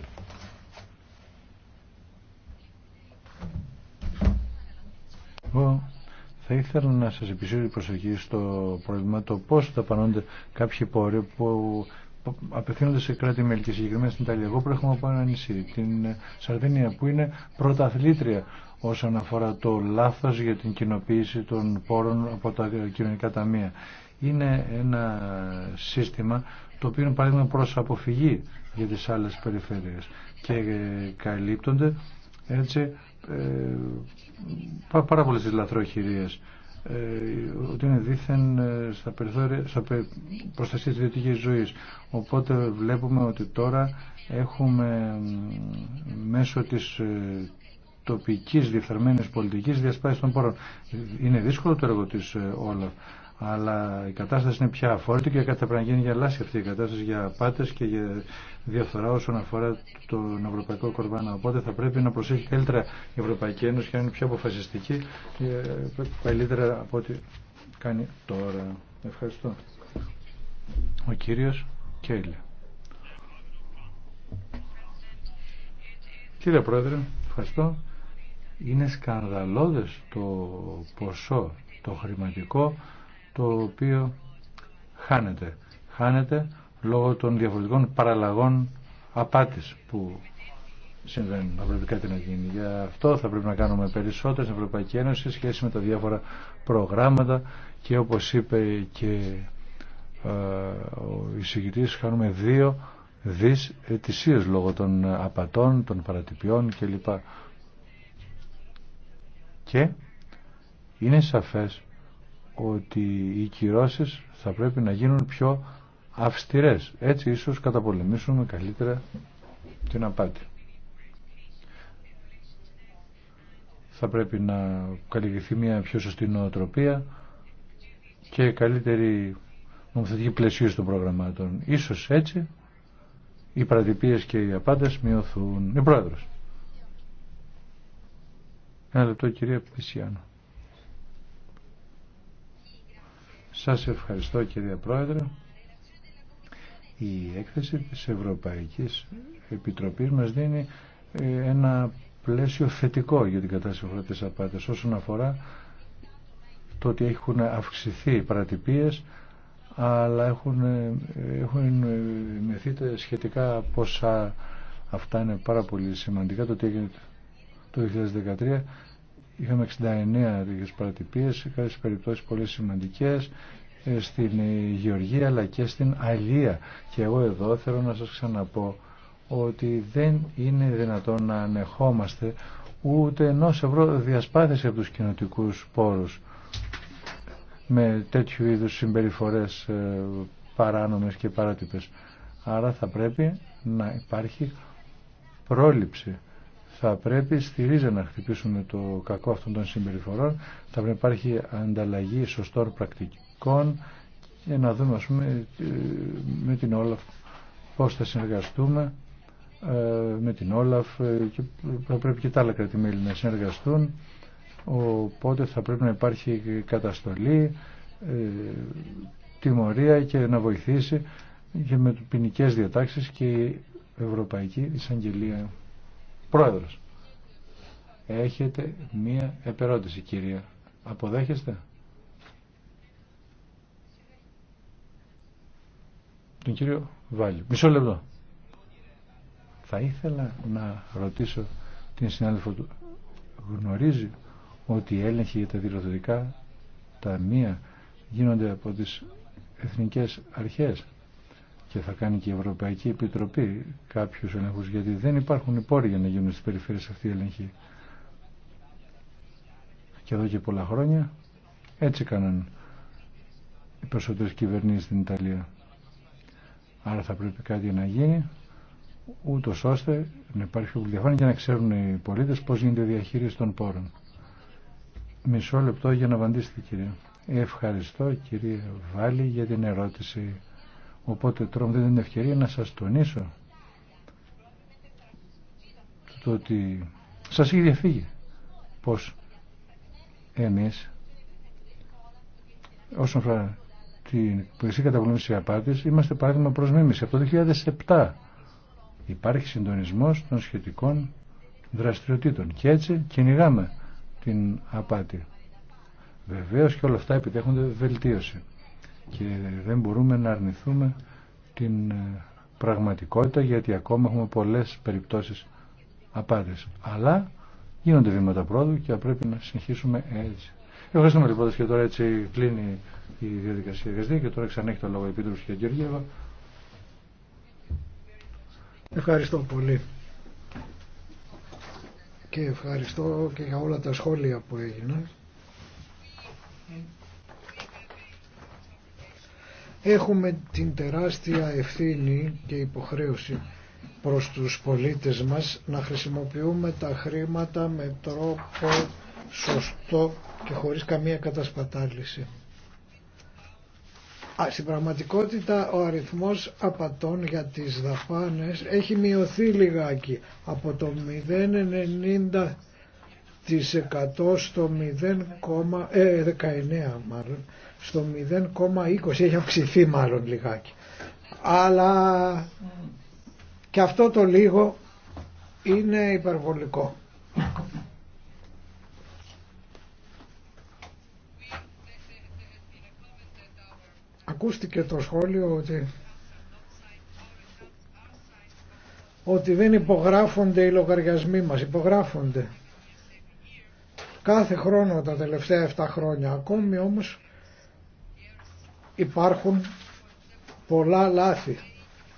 Εγώ θα ήθελα να σας επισύρω την προσοχή στο πρόβλημα το πώς θα πανώνται κάποιοι πόροι που απευθύνονται σε κράτη-μέλη και συγκεκριμένα στην Ιταλία. Εγώ προέρχομαι από ένα νησί, την Σαρδίνια, που είναι πρωταθλήτρια όσον αφορά το λάθος για την κοινοποίηση των πόρων από τα κοινωνικά ταμεία. Είναι ένα σύστημα το οποίο είναι παράδειγμα προς αποφυγή για τις άλλες περιφέρειες και καλύπτονται έτσι ε, πάρα πολλές λαθροχειρίες ε, ότι είναι δήθεν ε, στα περιθώρια, στα προστασία της ζωής. Οπότε βλέπουμε ότι τώρα έχουμε μέσω της ε, τοπικής διεφθαρμένης πολιτικής διασπάσεις των πόρων. Είναι δύσκολο το έργο της όλων αλλά η κατάσταση είναι πια αφόρητη και θα πρέπει να γίνει για λάση αυτή η κατάσταση για πάτε και για διαφθορά όσον αφορά τον ευρωπαϊκό κορβάνα. Οπότε θα πρέπει να προσέχει καλύτερα η Ευρωπαϊκή Ένωση και να είναι πιο αποφασιστική και καλύτερα από ό,τι κάνει τώρα. Ευχαριστώ. Ο κύριος Κέιλε. Κύριε Πρόεδρε, ευχαριστώ. Είναι σκανδαλώδες το ποσό, το χρηματικό το οποίο χάνεται. Χάνεται λόγω των διαφορετικών παραλλαγών απάτης που συμβαίνουν. Θα πρέπει κάτι να γίνει. Γι' αυτό θα πρέπει να κάνουμε περισσότερες στην Ευρωπαϊκή Ένωση σε σχέση με τα διάφορα προγράμματα και όπως είπε και ε, ο εισηγητής χάνουμε δύο δις ετησίες λόγω των απατών, των παρατυπιών κλπ. Και είναι σαφές ότι οι κυρώσεις θα πρέπει να γίνουν πιο αυστηρές. Έτσι ίσως καταπολεμήσουμε καλύτερα την απάτη. Θα πρέπει να καλλιεργηθεί μια πιο σωστή νοοτροπία και καλύτερη νομοθετική πλαισίωση των προγραμμάτων. Ίσως έτσι οι παρατυπίες και οι απάντες μειωθούν. Η Πρόεδρος. Ένα λεπτό κυρία Πησιάνο. Σας ευχαριστώ κύριε Πρόεδρε. Η έκθεση της Ευρωπαϊκής Επιτροπής μας δίνει ε, ένα πλαίσιο θετικό για την κατάσταση αυτή της απάτης όσον αφορά το ότι έχουν αυξηθεί οι παρατυπίες αλλά έχουν, ε, έχουν σχετικά πόσα αυτά είναι πάρα πολύ σημαντικά το το 2013 Είχαμε 69 τέτοιε παρατυπίες, σε κάποιες περιπτώσεις πολύ σημαντικέ ε, στην ε, Γεωργία αλλά και στην Αλία. Και εγώ εδώ θέλω να σας ξαναπώ ότι δεν είναι δυνατόν να ανεχόμαστε ούτε ενό ευρώ διασπάθηση από τους κοινοτικού πόρους με τέτοιου είδους συμπεριφορές ε, παράνομες και παράτυπες. Άρα θα πρέπει να υπάρχει πρόληψη θα πρέπει στη ρίζα να χτυπήσουμε το κακό αυτών των συμπεριφορών, θα πρέπει να υπάρχει ανταλλαγή σωστών πρακτικών για να δούμε ε, με την Όλαφ πώς θα συνεργαστούμε ε, με την Όλαφ ε, και θα πρέπει και τα άλλα κρατημέλη να συνεργαστούν οπότε θα πρέπει να υπάρχει καταστολή τιμωρία και να βοηθήσει και με ποινικέ διατάξεις και η Ευρωπαϊκή Εισαγγελία. Πρόεδρος. Έχετε μία επερώτηση, κυρία. Αποδέχεστε. Τον κύριο Βάλιο. Μισό λεπτό. Θα ήθελα να ρωτήσω την συνάδελφο του. Γνωρίζει ότι οι έλεγχοι για τα τα ταμεία γίνονται από τις εθνικές αρχές και θα κάνει και η Ευρωπαϊκή Επιτροπή κάποιου ελεγχού, γιατί δεν υπάρχουν οι πόροι για να γίνουν στι περιφέρειε αυτή η ελέγχη. Και εδώ και πολλά χρόνια έτσι έκαναν οι περισσότερε κυβερνήσει στην Ιταλία. Άρα θα πρέπει κάτι να γίνει ούτω ώστε να υπάρχει διαφάνεια και να ξέρουν οι πολίτε πώ γίνεται η διαχείριση των πόρων. Μισό λεπτό για να απαντήσετε κυρία. Ευχαριστώ κύριε Βάλη για την ερώτηση. Οπότε τώρα μου δίνετε την ευκαιρία να σας τονίσω το ότι σας έχει διαφύγει πως εμείς όσον αφορά την πολιτική καταπολέμηση απάτης είμαστε παράδειγμα προς μίμηση. Από το 2007 υπάρχει συντονισμός των σχετικών δραστηριοτήτων και έτσι κυνηγάμε την απάτη. Βεβαίως και όλα αυτά επιτέχονται βελτίωση και δεν μπορούμε να αρνηθούμε την ε, πραγματικότητα γιατί ακόμα έχουμε πολλές περιπτώσεις απάτες. Αλλά γίνονται βήματα πρόοδου και πρέπει να συνεχίσουμε έτσι. Ευχαριστούμε λοιπόν και τώρα έτσι κλείνει η διαδικασία ΓΕΣΔΙ και τώρα έχει το λόγο επίτροπος και Γεωργίευα. Ευχαριστώ πολύ και ευχαριστώ και για όλα τα σχόλια που έγιναν. Έχουμε την τεράστια ευθύνη και υποχρέωση προς τους πολίτες μας να χρησιμοποιούμε τα χρήματα με τρόπο σωστό και χωρίς καμία κατασπατάληση. Α, στην πραγματικότητα ο αριθμός απατών για τις δαπάνες έχει μειωθεί λιγάκι από το 0,90 της 100 στο 0, ε, μάλλον, στο 0,20 έχει αυξηθεί μάλλον λιγάκι. Αλλά και αυτό το λίγο είναι υπερβολικό. Ακούστηκε το σχόλιο ότι ότι δεν υπογράφονται οι λογαριασμοί μας. Υπογράφονται κάθε χρόνο τα τελευταία 7 χρόνια. Ακόμη όμως υπάρχουν πολλά λάθη.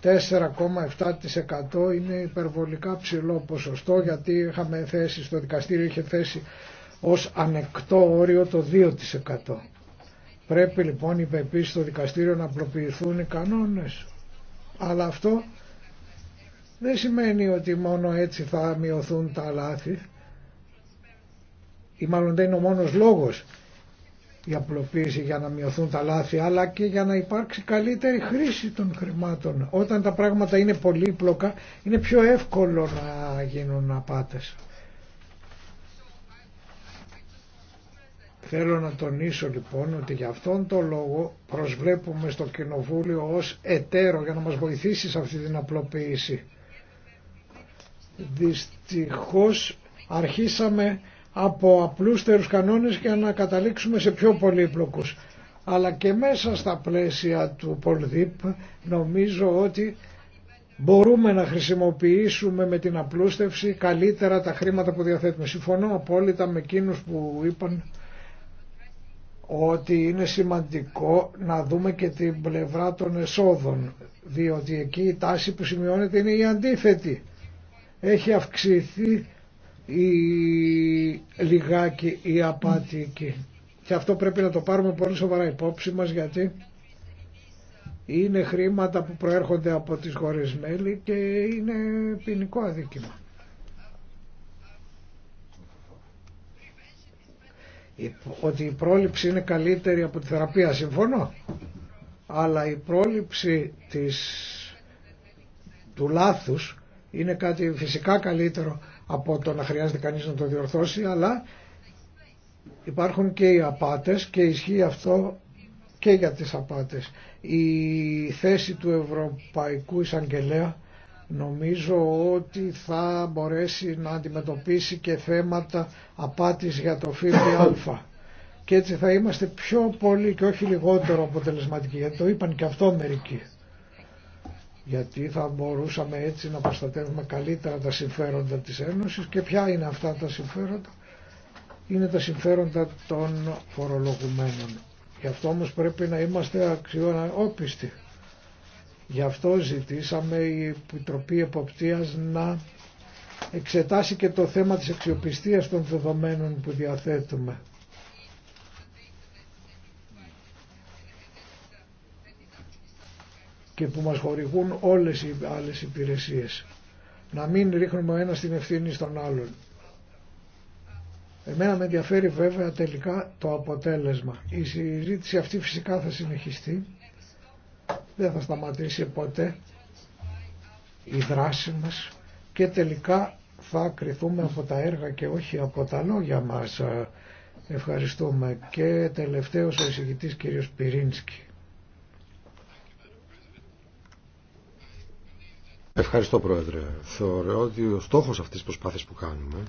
4,7% είναι υπερβολικά ψηλό ποσοστό γιατί είχαμε θέσει, στο δικαστήριο είχε θέσει ως ανεκτό όριο το 2%. Πρέπει λοιπόν είπε επίσης στο δικαστήριο να απλοποιηθούν οι κανόνες. Αλλά αυτό δεν σημαίνει ότι μόνο έτσι θα μειωθούν τα λάθη ή μάλλον δεν είναι ο μόνος λόγος η απλοποίηση για να μειωθούν τα λάθη αλλά και για να υπάρξει καλύτερη χρήση των χρημάτων. Όταν τα πράγματα είναι πολύπλοκα είναι πιο εύκολο να γίνουν απάτες. Θέλω να τονίσω λοιπόν ότι για αυτόν τον λόγο προσβλέπουμε στο Κοινοβούλιο ως εταίρο για να μας βοηθήσει σε αυτή την απλοποίηση. Δυστυχώς αρχίσαμε από απλούστερους κανόνες και να καταλήξουμε σε πιο πολύπλοκους. Αλλά και μέσα στα πλαίσια του Πολδίπ νομίζω ότι μπορούμε να χρησιμοποιήσουμε με την απλούστευση καλύτερα τα χρήματα που διαθέτουμε. Συμφωνώ απόλυτα με εκείνους που είπαν ότι είναι σημαντικό να δούμε και την πλευρά των εσόδων διότι εκεί η τάση που σημειώνεται είναι η αντίθετη. Έχει αυξηθεί η, λιγάκι η απάτη εκεί. Και αυτό πρέπει να το πάρουμε πολύ σοβαρά υπόψη μας γιατί είναι χρήματα που προέρχονται από τις χώρες μέλη και είναι ποινικό αδίκημα. Ότι η πρόληψη είναι καλύτερη από τη θεραπεία, συμφωνώ. Αλλά η πρόληψη της, του λάθους είναι κάτι φυσικά καλύτερο από το να χρειάζεται κανείς να το διορθώσει αλλά υπάρχουν και οι απάτες και ισχύει αυτό και για τις απάτες. Η θέση του Ευρωπαϊκού Εισαγγελέα νομίζω ότι θα μπορέσει να αντιμετωπίσει και θέματα απάτης για το ΦΠΑ και έτσι θα είμαστε πιο πολύ και όχι λιγότερο αποτελεσματικοί γιατί το είπαν και αυτό μερικοί γιατί θα μπορούσαμε έτσι να προστατεύουμε καλύτερα τα συμφέροντα της Ένωσης και ποια είναι αυτά τα συμφέροντα είναι τα συμφέροντα των φορολογουμένων γι' αυτό όμως πρέπει να είμαστε αξιόπιστοι γι' αυτό ζητήσαμε η Επιτροπή Εποπτείας να εξετάσει και το θέμα της αξιοπιστίας των δεδομένων που διαθέτουμε που μας χορηγούν όλες οι άλλες υπηρεσίες. Να μην ρίχνουμε ο ένας την ευθύνη στον άλλον. Εμένα με ενδιαφέρει βέβαια τελικά το αποτέλεσμα. Η συζήτηση αυτή φυσικά θα συνεχιστεί. Δεν θα σταματήσει ποτέ η δράση μας και τελικά θα κριθούμε από τα έργα και όχι από τα λόγια μας. Ευχαριστούμε. Και τελευταίος ο εισηγητής κύριος Πυρίνσκι. Ευχαριστώ Πρόεδρε. Θεωρώ ότι ο στόχος αυτής της προσπάθειας που κάνουμε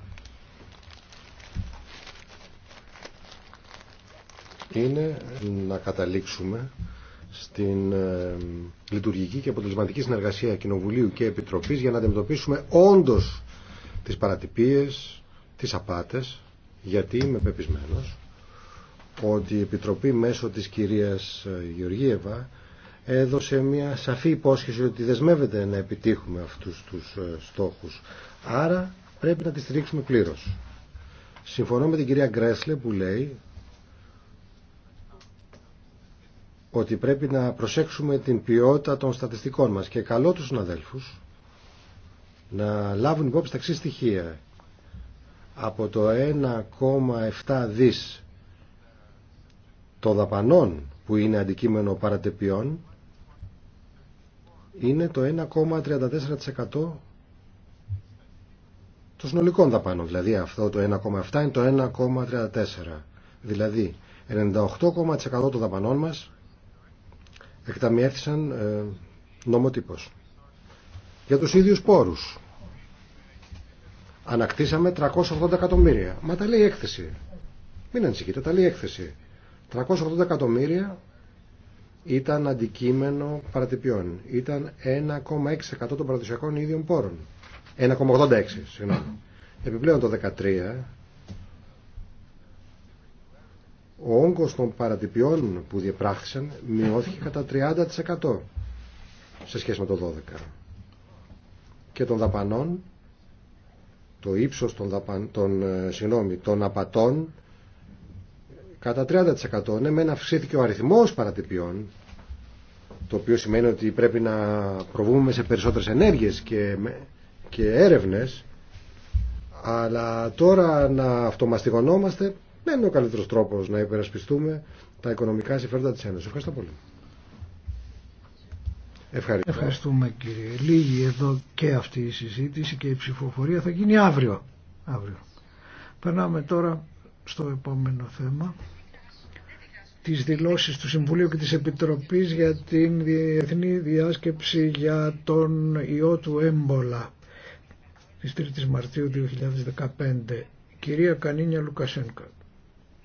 είναι να καταλήξουμε στην ε, λειτουργική και αποτελεσματική συνεργασία Κοινοβουλίου και Επιτροπής για να αντιμετωπίσουμε όντως τις παρατυπίες, τις απάτες, γιατί είμαι πεπισμένος ότι η Επιτροπή μέσω της κυρίας ε, Γεωργίευα έδωσε μια σαφή υπόσχεση ότι δεσμεύεται να επιτύχουμε αυτούς τους ε, στόχους. Άρα πρέπει να τη στηρίξουμε πλήρως. Συμφωνώ με την κυρία Γκρέσλε που λέει ότι πρέπει να προσέξουμε την ποιότητα των στατιστικών μας και καλό τους συναδέλφους να λάβουν υπόψη τα στοιχεία. Από το 1,7 δις των δαπανών που είναι αντικείμενο παρατεπιών είναι το 1,34% των συνολικών δαπάνων. Δηλαδή αυτό το 1,7 είναι το 1,34. Δηλαδή 98,1% των δαπανών μας εκταμιεύθησαν ε, νομοτύπως. Για τους ίδιους πόρους. Ανακτήσαμε 380 εκατομμύρια. Μα τα λέει η έκθεση. Μην ανησυχείτε, τα λέει η έκθεση. 380 εκατομμύρια ήταν αντικείμενο παρατυπιών. Ήταν 1,6% των παραδοσιακών ίδιων πόρων. 1,86, συγγνώμη. Επιπλέον το 2013, ο όγκος των παρατυπιών που διεπράχθησαν μειώθηκε κατά 30% σε σχέση με το 12. Και των δαπανών, το ύψος των, δαπαν, των, ε, των απατών κατά 30%. Ναι, μεν αυξήθηκε ο αριθμός παρατυπιών, το οποίο σημαίνει ότι πρέπει να προβούμε σε περισσότερες ενέργειες και, και έρευνες, αλλά τώρα να αυτομαστιγωνόμαστε δεν είναι ο καλύτερος τρόπος να υπερασπιστούμε τα οικονομικά συμφέροντα της Ένωσης. Ευχαριστώ πολύ. Ευχαριστώ. Ευχαριστούμε κύριε. Λίγη εδώ και αυτή η συζήτηση και η ψηφοφορία θα γίνει αύριο. αύριο. Περνάμε τώρα στο επόμενο θέμα τις δηλώσεις του Συμβουλίου και της Επιτροπής για την Διεθνή Διάσκεψη για τον ιό του έμπολα της 3ης Μαρτίου 2015. Κυρία Κανίνια Λουκασένκα.